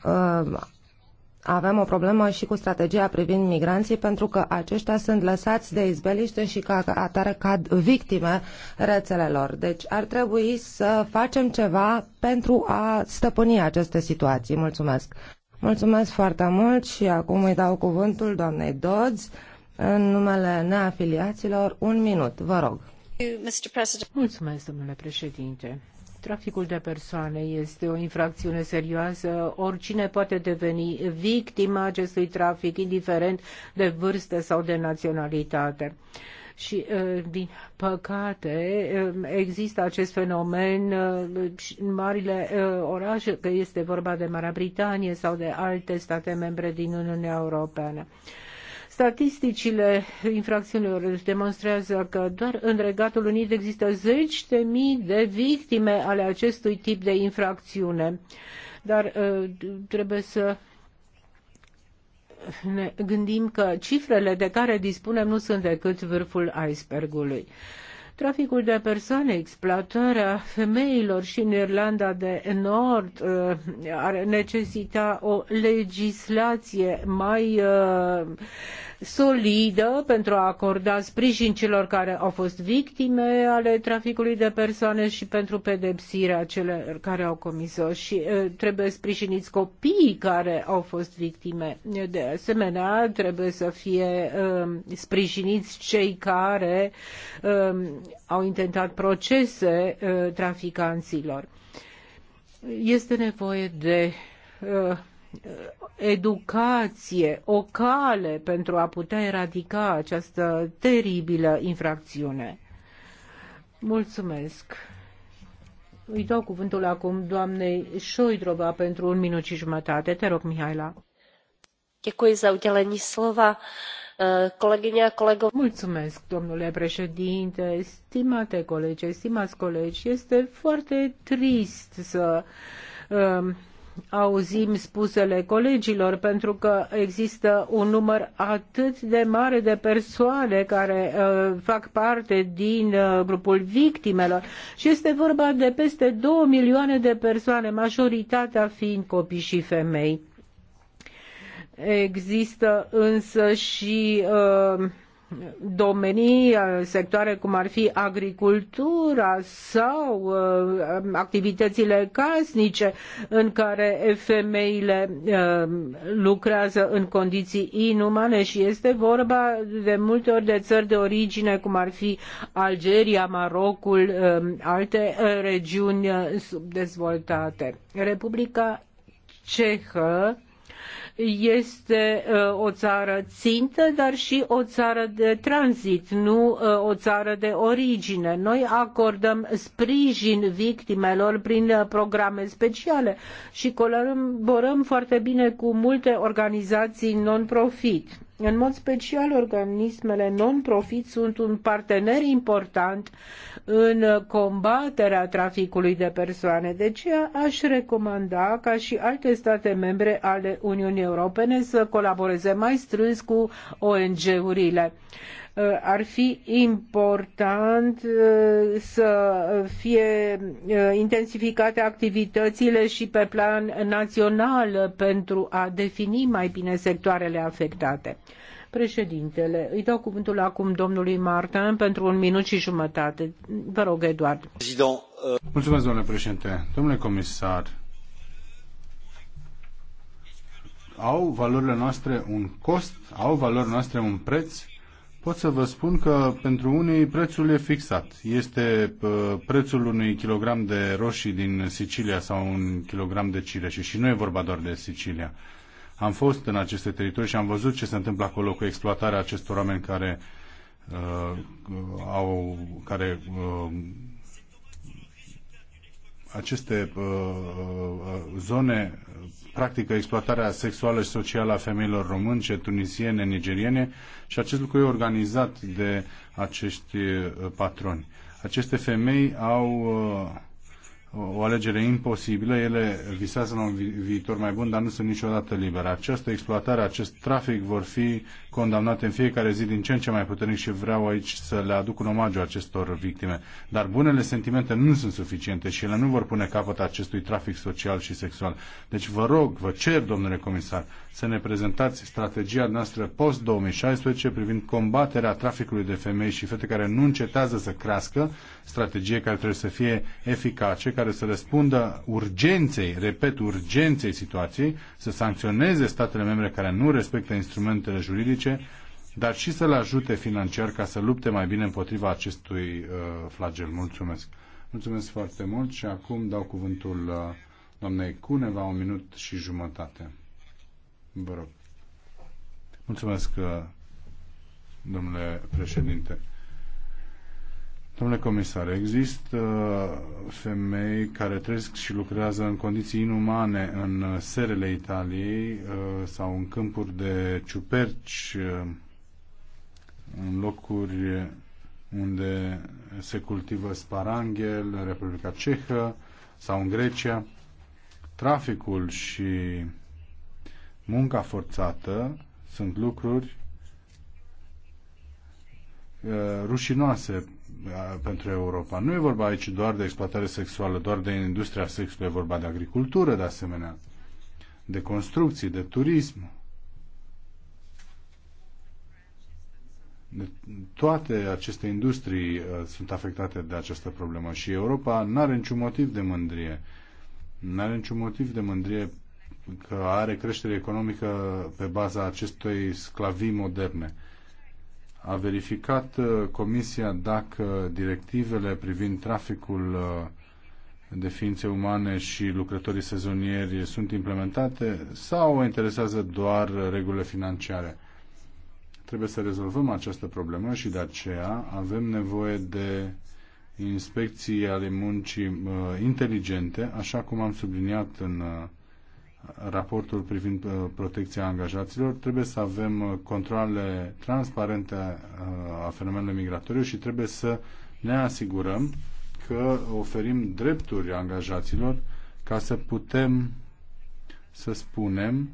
avem o problemă și cu strategia privind migranții pentru că aceștia sunt lăsați de izbeliște și ca atare cad victime rețelelor. Deci ar trebui să facem ceva pentru a stăpâni aceste situații. Mulțumesc! Mulțumesc foarte mult și acum îi dau cuvântul doamnei Dodds în numele neafiliaților. Un minut, vă rog. Mulțumesc, domnule președinte. Traficul de persoane este o infracțiune serioasă. Oricine poate deveni victima acestui trafic, indiferent de vârstă sau de naționalitate. Uh, și, uh, din păcate, um, există acest fenomen uh, în marile uh, orașe, că este vorba de Marea Britanie sau de alte state membre din Uniunea Europeană. Statisticile infracțiunilor demonstrează că doar în Regatul Unit există zeci de mii de victime ale acestui tip de infracțiune. Dar trebuie să ne gândim că cifrele de care dispunem nu sunt decât vârful icebergului. Traficul de persoane, exploatarea femeilor și în Irlanda de Nord uh, ar necesita o legislație mai uh, solidă pentru a acorda sprijin celor care au fost victime ale traficului de persoane și pentru pedepsirea celor care au comis-o și trebuie sprijiniți copiii care au fost victime. De asemenea, trebuie să fie sprijiniți cei care au intentat procese traficanților. Este nevoie de educație, o cale pentru a putea eradica această teribilă infracțiune. Mulțumesc. Îi dau cuvântul acum doamnei Șoidrova pentru un minut și jumătate. Te rog, Mihaela. Děkuji za udělení slova. Kolegyně a kolegové. Mulțumesc, domnule președinte, stimate colegi, stimați colegi. Este foarte trist să um, auzim spusele colegilor, pentru că există un număr atât de mare de persoane care uh, fac parte din uh, grupul victimelor și este vorba de peste 2 milioane de persoane, majoritatea fiind copii și femei. Există însă și uh, domenii, uh, sectoare cum ar fi agricultura sau uh, activitățile casnice în care femeile uh, lucrează în condiții inumane și este vorba de multe ori de țări de origine cum ar fi Algeria, Marocul, alte regiuni subdezvoltate. Republica Cehă este uh, o țară țintă, dar și o țară de tranzit, nu uh, o țară de origine. Noi acordăm sprijin victimelor prin uh, programe speciale și colaborăm foarte bine cu multe organizații non-profit. În mod special, organismele non-profit sunt un partener important în combaterea traficului de persoane. De aceea aș recomanda ca și alte state membre ale Uniunii Europene să colaboreze mai strâns cu ONG-urile. Uh, ar fi important uh, să fie uh, intensificate activitățile și pe plan național pentru a defini mai bine sectoarele afectate. Președintele, îi dau cuvântul acum domnului Martin pentru un minut și jumătate. Vă rog, Eduard. Mulțumesc, domnule președinte. Domnule comisar, au valorile noastre un cost? Au valorile noastre un preț? pot să vă spun că pentru unii prețul e fixat. Este uh, prețul unui kilogram de roșii din Sicilia sau un kilogram de cireșe și nu e vorba doar de Sicilia. Am fost în aceste teritorii și am văzut ce se întâmplă acolo cu exploatarea acestor oameni care uh, au, care uh, aceste uh, uh, zone practică exploatarea sexuală și socială a femeilor românce, tunisiene, nigeriene și acest lucru e organizat de acești uh, patroni. Aceste femei au o alegere imposibilă, ele visează la un viitor mai bun, dar nu sunt niciodată libere. Această exploatare, acest trafic vor fi condamnate în fiecare zi din ce în ce mai puternic și vreau aici să le aduc un omagiu acestor victime. Dar bunele sentimente nu sunt suficiente și ele nu vor pune capăt acestui trafic social și sexual. Deci vă rog, vă cer, domnule comisar, să ne prezentați strategia noastră post-2016 privind combaterea traficului de femei și fete care nu încetează să crească, strategie care trebuie să fie eficace, care să răspundă urgenței, repet, urgenței situației, să sancționeze statele membre care nu respectă instrumentele juridice, dar și să le ajute financiar ca să lupte mai bine împotriva acestui uh, flagel. Mulțumesc! Mulțumesc foarte mult și acum dau cuvântul uh, doamnei Cuneva, un minut și jumătate. Vă rog. Mulțumesc, uh, domnule președinte. Domnule comisar, există uh, femei care trăiesc și lucrează în condiții inumane în uh, serele Italiei sau în câmpuri de ciuperci, în locuri unde se cultivă sparanghel, în Republica Cehă sau în Grecia. Traficul și munca forțată sunt lucruri uh, rușinoase uh, pentru Europa. Nu e vorba aici doar de exploatare sexuală, doar de industria sexului, e vorba de agricultură, de asemenea, de construcții, de turism, toate aceste industrii uh, sunt afectate de această problemă și Europa nu are niciun motiv de mândrie. Nu are niciun motiv de mândrie că are creștere economică pe baza acestei sclavii moderne. A verificat uh, Comisia dacă directivele privind traficul uh, de ființe umane și lucrătorii sezonieri sunt implementate sau o interesează doar regulile financiare? Trebuie să rezolvăm această problemă și de aceea avem nevoie de inspecții ale muncii uh, inteligente, așa cum am subliniat în raportul privind uh, protecția angajaților, trebuie să avem uh, controle transparente uh, a fenomenului migratoriu și trebuie să ne asigurăm că oferim drepturi angajaților ca să putem să spunem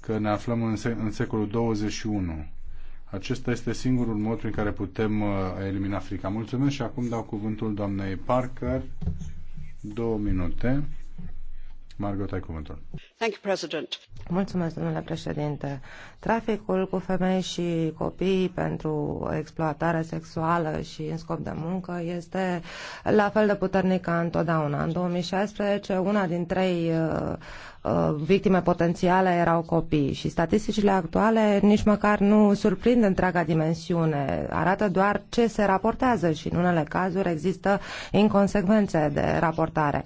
că ne aflăm în, sec- în secolul 21. Acesta este singurul mod prin care putem uh, elimina frica. Mulțumesc și acum dau cuvântul doamnei Parker. Două minute. Margot, ai cuvântul. Thank you, President. Mulțumesc, domnule președinte. Traficul cu femei și copii pentru exploatare sexuală și în scop de muncă este la fel de puternic ca întotdeauna. În 2016, una din trei uh, uh, victime potențiale erau copii și statisticile actuale nici măcar nu surprind întreaga dimensiune. Arată doar ce se raportează și în unele cazuri există inconsecvențe de raportare.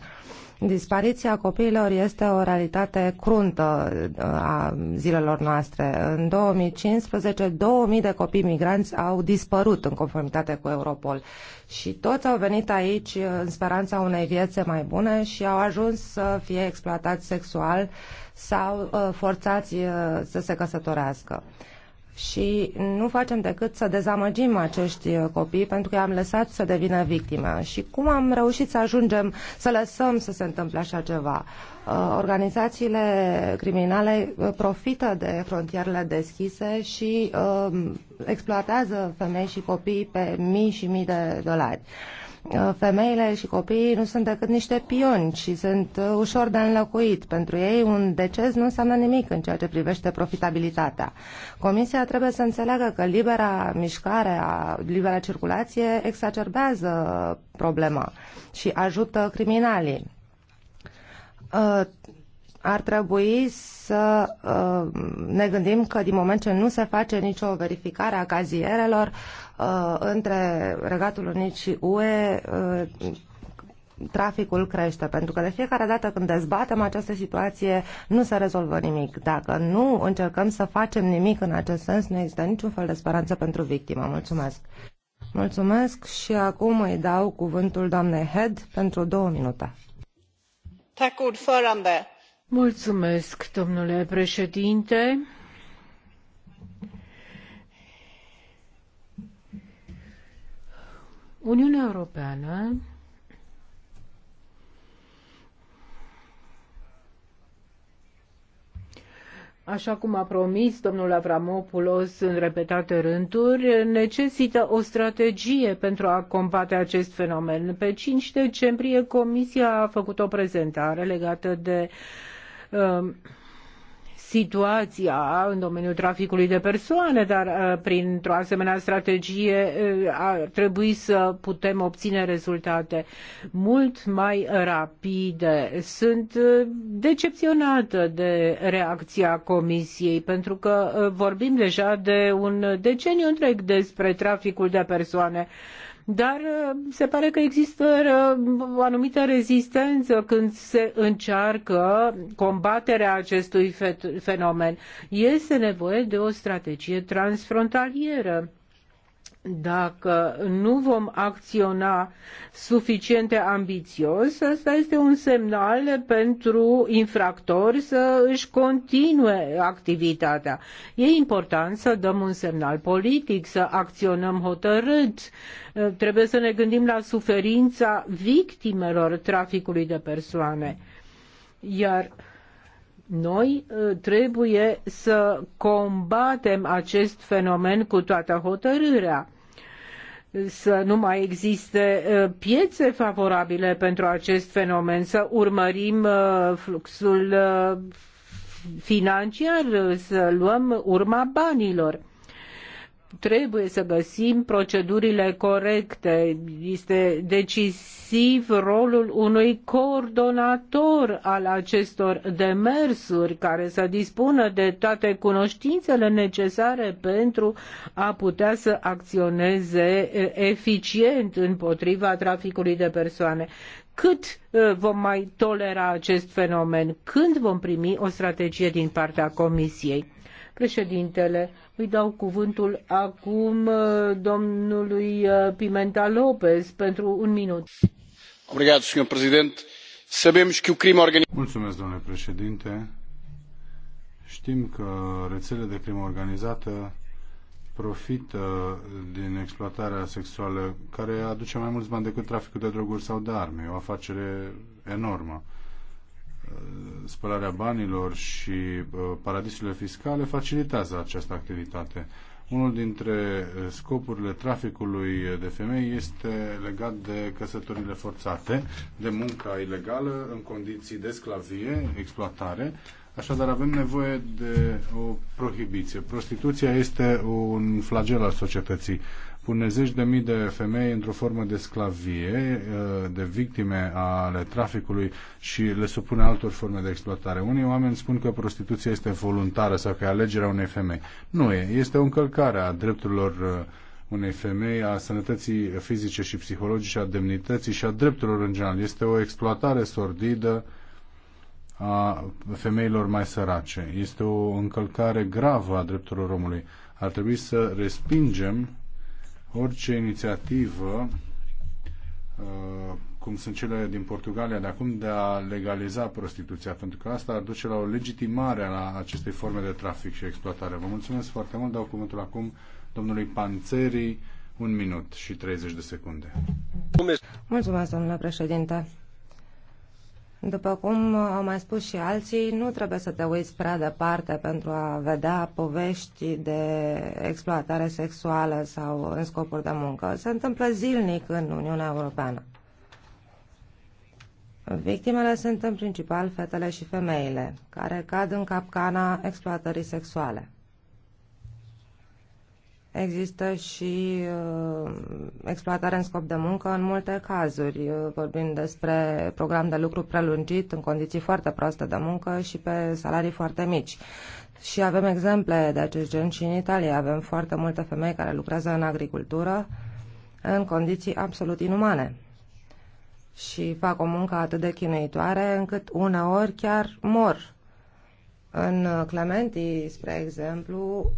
Dispariția copiilor este o realitate cruntă uh, a zilelor noastre. În 2015, 2000 de copii migranți au dispărut în conformitate cu Europol și toți au venit aici uh, în speranța unei viețe mai bune și au ajuns să fie exploatați sexual sau uh, forțați să se căsătorească și nu facem decât să dezamăgim acești copii pentru că i-am lăsat să devină victime. Și cum am reușit să ajungem să lăsăm să se întâmple așa ceva? Uh, organizațiile criminale uh, profită de frontierele deschise și uh, exploatează femei și copii pe mii și mii de dolari. Uh, Uh, femeile și copiii nu sunt decât niște pioni și sunt uh, ușor de înlocuit. Pentru ei un deces nu înseamnă nimic în ceea ce privește profitabilitatea. Comisia trebuie să înțeleagă că libera mișcare, libera circulație exacerbează problema și ajută criminalii uh, ar trebui să uh, ne gândim că din moment ce nu se face nicio verificare a cazierelor uh, între Regatul Unit și UE, uh, traficul crește, pentru că de fiecare dată când dezbatem această situație nu se rezolvă nimic. Dacă nu încercăm să facem nimic în acest sens, nu există niciun fel de speranță pentru victimă. Mulțumesc! Mulțumesc și acum îi dau cuvântul doamnei Head pentru două minute. Tack ordförande. Mulțumesc, domnule președinte. Uniunea Europeană Așa cum a promis domnul Avramopoulos în repetate rânduri, necesită o strategie pentru a combate acest fenomen. Pe 5 decembrie Comisia a făcut o prezentare legată de uh, Um, situația în domeniul traficului de persoane, dar uh, printr-o asemenea strategie uh, ar trebui să putem obține rezultate mult mai rapide. Sunt uh, decepționată de reacția Comisiei, pentru că vorbim deja de un deceniu întreg despre traficul de persoane dar uh, se pare că există uh, o anumită rezistență când se încearcă combaterea acestui fenomen. Este nevoie de o strategie transfrontalieră dacă nu vom acționa suficient de ambițios, asta este un semnal pentru infractori să își continue activitatea. E important să dăm un semnal politic, să acționăm hotărât. Trebuie să ne gândim la suferința victimelor traficului de persoane. Iar noi ă, trebuie să combatem acest fenomen cu toată hotărârea să nu mai existe uh, piețe favorabile pentru acest fenomen, să urmărim uh, fluxul uh, financiar, să luăm urma banilor trebuie să găsim procedurile corecte. Este decisiv rolul unui coordonator al acestor demersuri care să dispună de toate cunoștințele necesare pentru a putea să acționeze eficient împotriva traficului de persoane. Cât vom mai tolera acest fenomen? Când vom primi o strategie din partea Comisiei? Președintele, îi dau cuvântul acum uh, domnului uh, Pimenta Lopez pentru un minut. Obrigado, senhor presidente. Sabemos que o crime organizado. Mulțumesc, domnule președinte. Știm că rețele de crimă organizată profită din exploatarea sexuală care aduce mai mulți bani decât traficul de droguri sau de arme. E o afacere enormă. Uh, spălarea banilor și uh, paradisurile fiscale facilitează această activitate. Unul dintre uh, scopurile traficului de femei este legat de căsătorile forțate, de munca ilegală în condiții de sclavie, exploatare. Așadar avem nevoie de o prohibiție. Prostituția este un flagel al societății pune zeci de mii de femei într-o formă de sclavie, uh, de victime ale traficului și le supune altor forme de exploatare. Unii oameni spun că prostituția este voluntară sau că e alegerea unei femei. Nu e. Este o încălcare a drepturilor uh, unei femei, a sănătății fizice și psihologice, a demnității și a drepturilor în general. Este o exploatare sordidă a femeilor mai sărace. Este o încălcare gravă a drepturilor omului. Ar trebui să respingem Orice inițiativă, uh, cum sunt cele din Portugalia de acum, de a legaliza prostituția, pentru că asta ar duce la o legitimare a acestei forme de trafic și exploatare. Vă mulțumesc foarte mult, dau cuvântul acum domnului Panțerii, un minut și 30 de secunde. Mulțumesc, domnule președinte. După cum au mai spus și alții, nu trebuie să te uiți prea departe pentru a vedea povești de exploatare sexuală sau în scopuri de muncă. Se întâmplă zilnic în Uniunea Europeană. Victimele sunt în principal fetele și femeile, care cad în capcana exploatării sexuale. Există și uh, exploatare în scop de muncă în multe cazuri. Uh, Vorbim despre program de lucru prelungit în condiții foarte proaste de muncă și pe salarii foarte mici. Și avem exemple de acest gen și în Italia. Avem foarte multe femei care lucrează în agricultură în condiții absolut inumane și fac o muncă atât de chinuitoare încât uneori chiar mor. În Clementi, spre exemplu,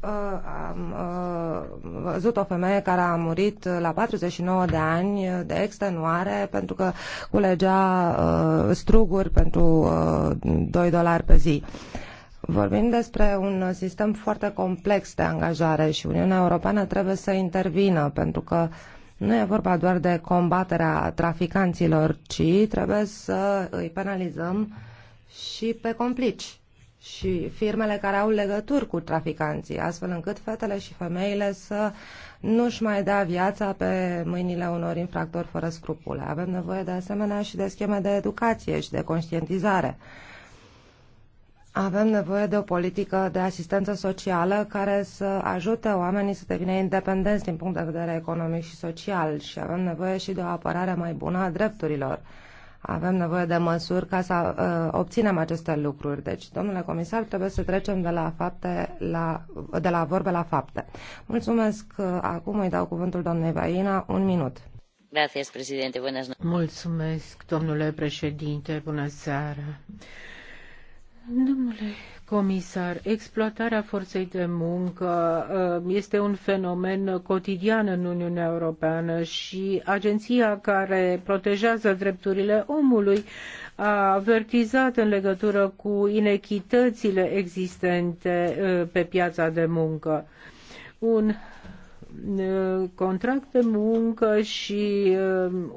Uh, am uh, văzut o femeie care a murit la 49 de ani de extenuare pentru că culegea uh, struguri pentru 2 dolari pe zi. Vorbim despre un sistem foarte complex de angajare și Uniunea Europeană trebuie să intervină pentru că nu e vorba doar de combaterea traficanților, ci trebuie să îi penalizăm și pe complici și firmele care au legături cu traficanții, astfel încât fetele și femeile să nu-și mai dea viața pe mâinile unor infractori fără scrupule. Avem nevoie de asemenea și de scheme de educație și de conștientizare. Avem nevoie de o politică de asistență socială care să ajute oamenii să devină independenți din punct de vedere economic și social și avem nevoie și de o apărare mai bună a drepturilor avem nevoie de măsuri ca să uh, obținem aceste lucruri. Deci, domnule comisar, trebuie să trecem de la, fapte la, de la vorbe la fapte. Mulțumesc. Acum îi dau cuvântul doamnei Vaina. Un minut. Mulțumesc, domnule președinte. Bună seara. Domnule comisar, exploatarea forței de muncă uh, este un fenomen cotidian în Uniunea Europeană și agenția care protejează drepturile omului a avertizat în legătură cu inechitățile existente uh, pe piața de muncă. Un uh, contract de muncă și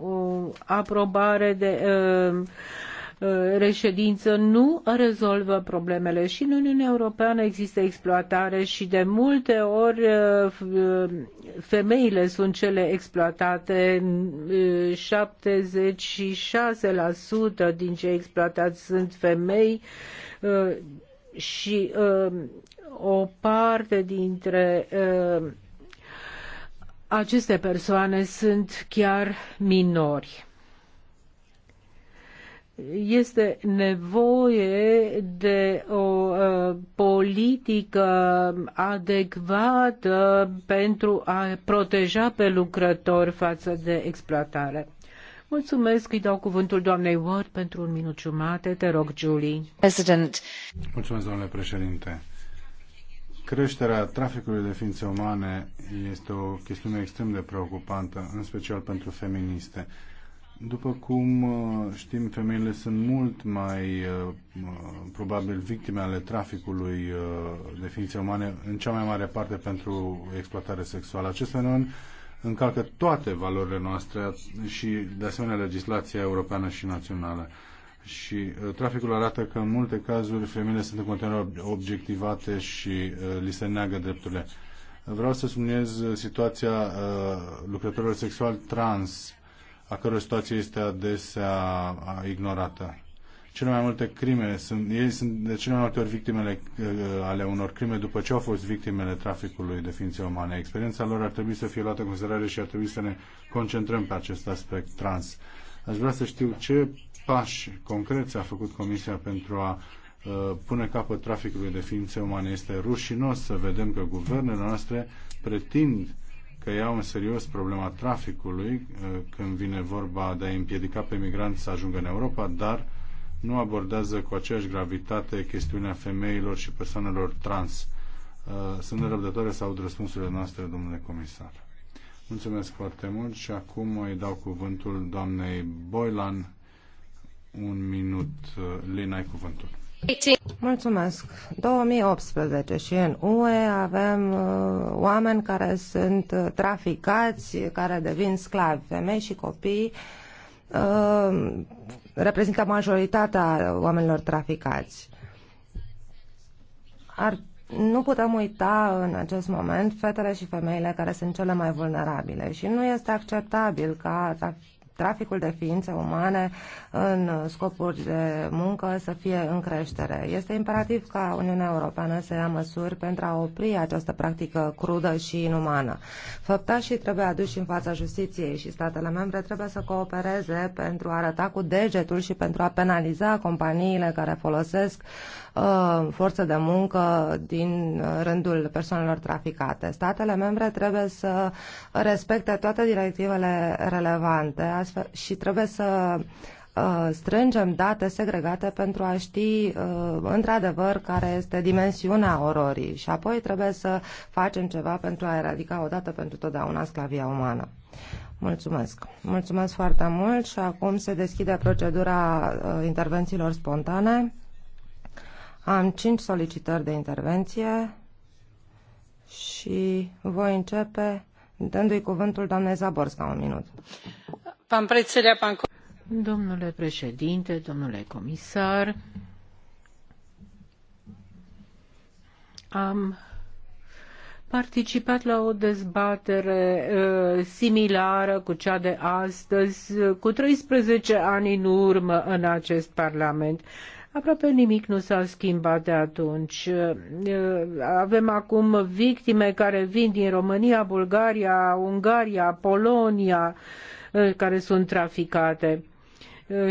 o aprobare de Uh, reședință nu rezolvă problemele. Și în Uniunea Europeană există exploatare și de multe ori uh, femeile sunt cele exploatate. 76% din cei exploatați sunt femei uh, și o parte dintre aceste persoane sunt chiar minori este nevoie de o uh, politică adecvată pentru a proteja pe lucrători față de exploatare. Mulțumesc, îi dau cuvântul doamnei Ward pentru un minut jumate. Te rog, Julie. President. Mulțumesc, domnule președinte. Creșterea traficului de ființe umane este o chestiune extrem de preocupantă, în special pentru feministe. După cum uh, știm, femeile sunt mult mai uh, uh, probabil victime ale traficului de ființe umane, în cea mai mare parte pentru exploatare sexuală. Acest fenomen încalcă toate valorile noastre și, de asemenea, legislația europeană și națională. Și traficul arată că, în multe cazuri, femeile sunt în continuare obiectivate și li se neagă drepturile. Vreau să subliniez situația lucrătorilor sexuali trans a căror situație este adesea ignorată. Cele mai multe crime sunt, ei sunt de cele mai multe ori victimele ale unor crime după ce au fost victimele traficului de ființe umane. Experiența lor ar trebui să fie luată în considerare și ar trebui să ne concentrăm pe acest aspect trans. Aș vrea să știu ce pași concreți a făcut Comisia pentru a pune capăt traficului de ființe umane. Este rușinos să vedem că guvernele noastre pretind că iau în serios problema traficului uh, când vine vorba de a împiedica pe migranți să ajungă în Europa, dar nu abordează cu aceeași gravitate chestiunea femeilor și persoanelor trans. Uh, sunt nerăbdătoare să aud răspunsurile noastre, domnule comisar. Mulțumesc foarte mult și acum îi dau cuvântul doamnei Boylan. Un minut, uh, Lina, ai cuvântul. Mulțumesc. 2018 și în UE avem uh, oameni care sunt uh, traficați, care devin sclavi, femei și copii uh, reprezintă majoritatea oamenilor traficați. Ar, nu putem uita în acest moment fetele și femeile care sunt cele mai vulnerabile și nu este acceptabil ca trafic traficul de ființe umane în scopuri de muncă să fie în creștere. Este imperativ ca Uniunea Europeană să ia măsuri pentru a opri această practică crudă și inumană. Făptașii trebuie aduși în fața justiției și statele membre trebuie să coopereze pentru a arăta cu degetul și pentru a penaliza companiile care folosesc uh, Uh, forță de muncă din rândul persoanelor traficate. Statele membre trebuie să respecte toate directivele relevante astfel, și trebuie să uh, strângem date segregate pentru a ști uh, într-adevăr care este dimensiunea ororii și apoi trebuie să facem ceva pentru a eradica odată pentru totdeauna sclavia umană. Mulțumesc. Mulțumesc foarte mult și acum se deschide procedura intervențiilor spontane. Am cinci solicitări de intervenție și voi începe dându-i cuvântul doamnei Zaborska un minut. Domnule președinte, domnule comisar, am participat la o dezbatere uh, similară cu cea de astăzi, cu 13 ani în urmă în acest Parlament. Aproape nimic nu s-a schimbat de atunci. Avem acum victime care vin din România, Bulgaria, Ungaria, Polonia, care sunt traficate.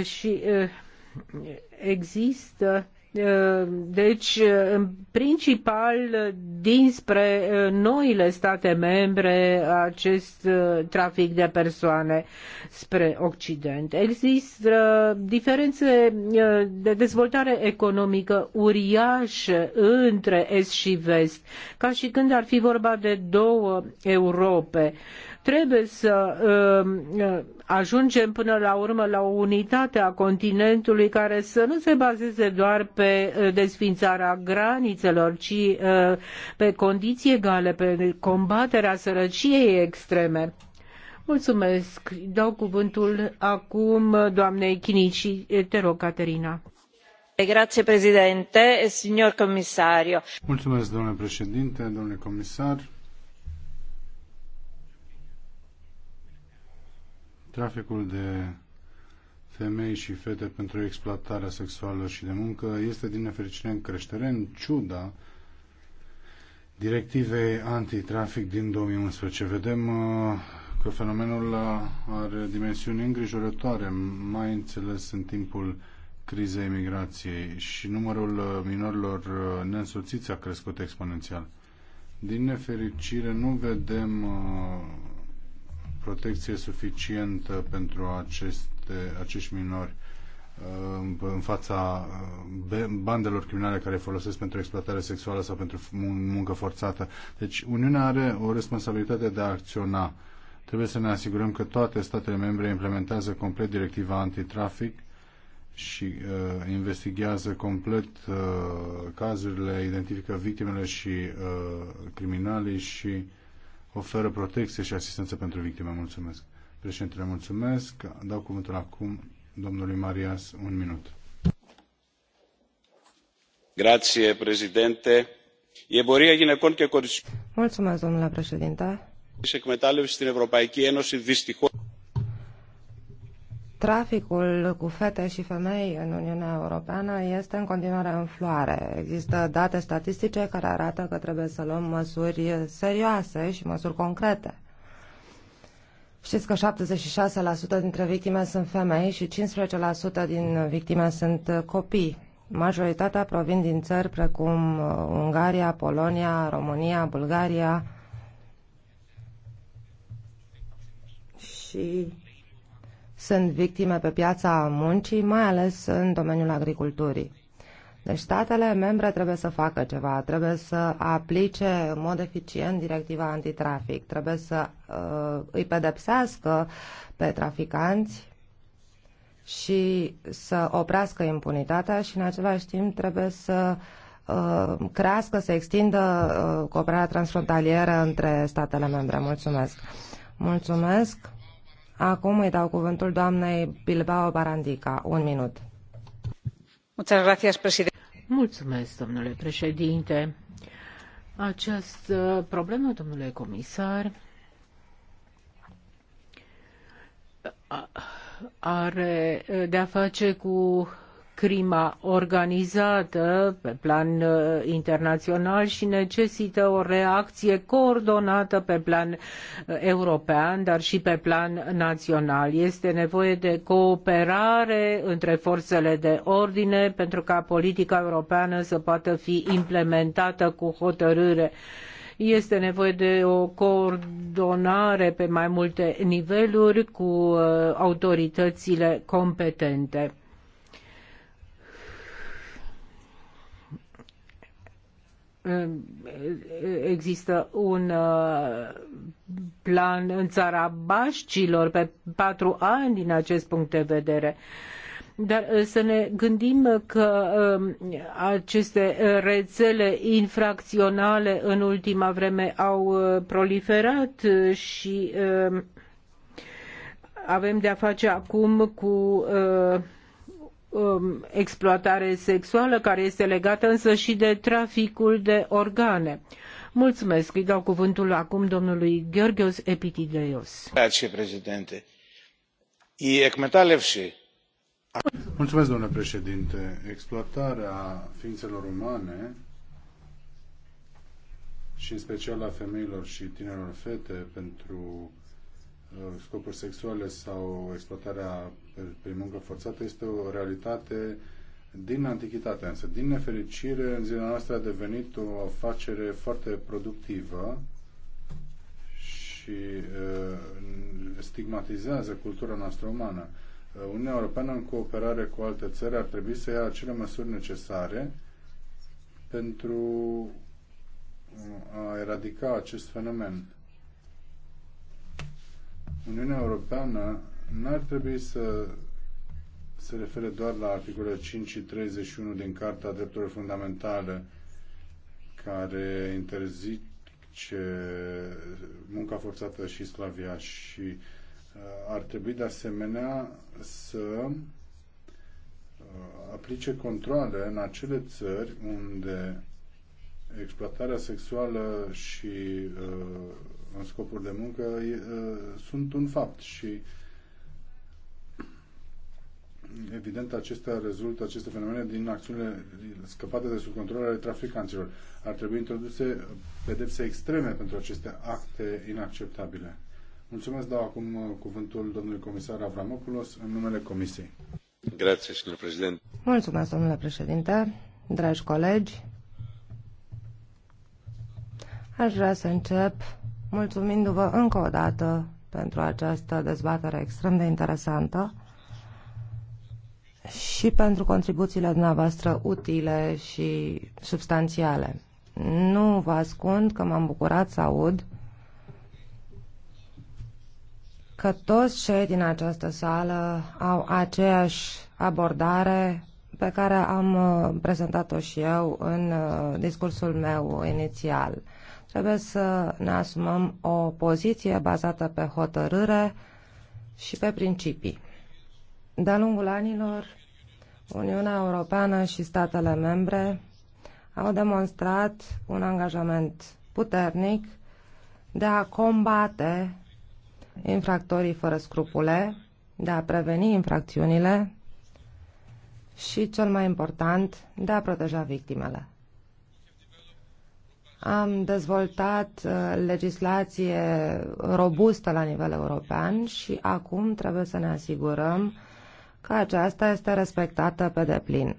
Și eh, există deci, în principal, dinspre uh, noile state membre, acest uh, trafic de persoane spre Occident. Există diferențe uh, de dezvoltare economică uriașe între Est și Vest, ca și când ar fi vorba de două Europe trebuie să uh, ajungem până la urmă la o unitate a continentului care să nu se bazeze doar pe pe eh, desfințarea granițelor, ci eh, pe condiții egale, pe combaterea sărăciei extreme. Mulțumesc. Dau cuvântul acum doamnei Chinici. Eh, te rog, Caterina. Grazie, președinte, signor comisario. Mulțumesc, domnule președinte, domnule comisar. Traficul de femei și fete pentru exploatarea sexuală și de muncă este din nefericire în creștere, în ciuda directivei antitrafic din 2011. Vedem uh, că fenomenul are dimensiuni îngrijorătoare, mai înțeles în timpul crizei migrației și numărul uh, minorilor uh, neînsoțiți a crescut exponențial. Din nefericire, nu vedem protecție suficientă pentru acest aceste, acești minori uh, în fața uh, bandelor criminale care folosesc pentru exploatare sexuală sau pentru muncă forțată. Deci Uniunea are o responsabilitate de a acționa. Trebuie să ne asigurăm că toate statele membre implementează complet directiva antitrafic și uh, investigează complet uh, cazurile, identifică victimele și uh, criminalii și oferă protecție și asistență pentru victime. Mulțumesc! Președintele, mulțumesc. Dau cuvântul acum domnului Marias, un minut. Grație, președinte. Eboria έγινε κόν και κορισμό. Mulțumesc, domnule președinte. Traficul cu fete și femei în Uniunea Europeană este în continuare în floare. Există date statistice care arată că trebuie să luăm măsuri serioase și măsuri concrete. Știți că 76% dintre victime sunt femei și 15% din victime sunt uh, copii. Majoritatea provin din țări precum uh, Ungaria, Polonia, România, Bulgaria și sunt victime pe piața muncii, mai ales în domeniul agriculturii. Deci statele membre trebuie să facă ceva, trebuie să aplice în mod eficient directiva antitrafic, trebuie să uh, îi pedepsească pe traficanți și să oprească impunitatea și în același timp trebuie să uh, crească, să extindă uh, cooperarea transfrontalieră între statele membre. Mulțumesc! Mulțumesc! Acum îi dau cuvântul doamnei Bilbao Barandica. Un minut. Mulțumesc, domnule președinte. Această problemă, domnule comisar, are de-a face cu crima organizată pe plan uh, internațional și necesită o reacție coordonată pe plan uh, european, dar și pe plan național. Este nevoie de cooperare între forțele de ordine pentru ca politica europeană să poată fi implementată cu hotărâre este nevoie de o coordonare pe mai multe niveluri cu uh, autoritățile competente. există un uh, plan în țara bașcilor pe patru ani din acest punct de vedere. Dar uh, să ne gândim că um, aceste rețele infracționale în ultima vreme au uh, proliferat și um, avem de-a face acum cu Um, exploatare sexuală care este legată însă și de traficul de organe. Mulțumesc. Îi dau cuvântul acum domnului Gheorghios Epitideios. președinte. Mulțumesc, domnule președinte. Exploatarea ființelor umane și în special a femeilor și tinerilor fete pentru Uh, scopuri sexuale sau exploatarea prin muncă forțată este o realitate din antichitate, însă din nefericire în ziua noastră a devenit o afacere foarte productivă și uh, stigmatizează cultura noastră umană. Uh, Uniunea Europeană, în cooperare cu alte țări, ar trebui să ia acele măsuri necesare pentru uh, a eradica acest fenomen. Uniunea Europeană n-ar trebui să se refere doar la articolele 5 și 31 din Carta Drepturilor Fundamentale, care interzice munca forțată și sclavia și uh, ar trebui de asemenea să uh, aplice controle în acele țări unde exploatarea sexuală și uh, în scopuri de muncă sunt un fapt și evident acestea rezultă, aceste fenomene din acțiunile scăpate de sub control ale traficanților. Ar trebui introduse pedepse extreme pentru aceste acte inacceptabile. Mulțumesc, dau acum uh, cuvântul domnului comisar Avramopoulos în numele Comisiei. Grazie, domnule președinte. Mulțumesc, domnule președinte, dragi colegi. Aș vrea să încep mulțumindu-vă încă o dată pentru această dezbatere extrem de interesantă și pentru contribuțiile dumneavoastră utile și substanțiale. Nu vă ascund că m-am bucurat să aud că toți cei din această sală au aceeași abordare pe care am uh, prezentat-o și eu în uh, discursul meu inițial. Trebuie să ne asumăm o poziție bazată pe hotărâre și pe principii. De-a lungul anilor, Uniunea Europeană și statele membre au demonstrat un angajament puternic de a combate infractorii fără scrupule, de a preveni infracțiunile și, cel mai important, de a proteja victimele. Am dezvoltat uh, legislație robustă la nivel european și acum trebuie să ne asigurăm că aceasta este respectată pe deplin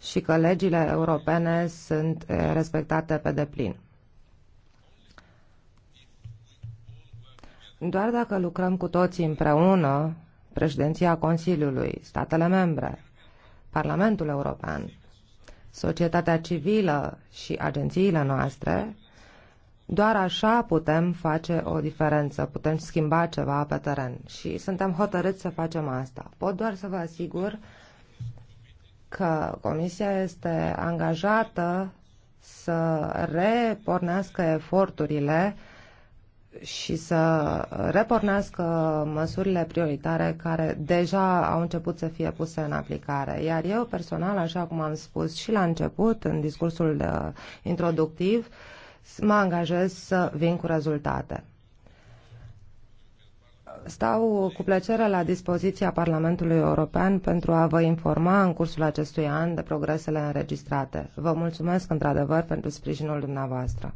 și că legile europene sunt uh, respectate pe deplin. Doar dacă lucrăm cu toții împreună, președinția Consiliului, statele membre, Parlamentul European, societatea civilă și agențiile noastre, doar așa putem face o diferență, putem schimba ceva pe teren și suntem hotărâți să facem asta. Pot doar să vă asigur că Comisia este angajată să repornească eforturile uh, și să repornească măsurile prioritare care deja au început să fie puse în aplicare. Iar eu personal, așa cum am spus și la început, în discursul uh, introductiv, mă angajez să vin cu rezultate. Stau cu plăcere la dispoziția Parlamentului European pentru a vă informa în cursul acestui an de progresele înregistrate. Vă mulțumesc într-adevăr pentru sprijinul dumneavoastră.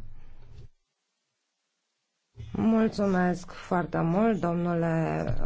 Mulțumesc foarte mult, domnule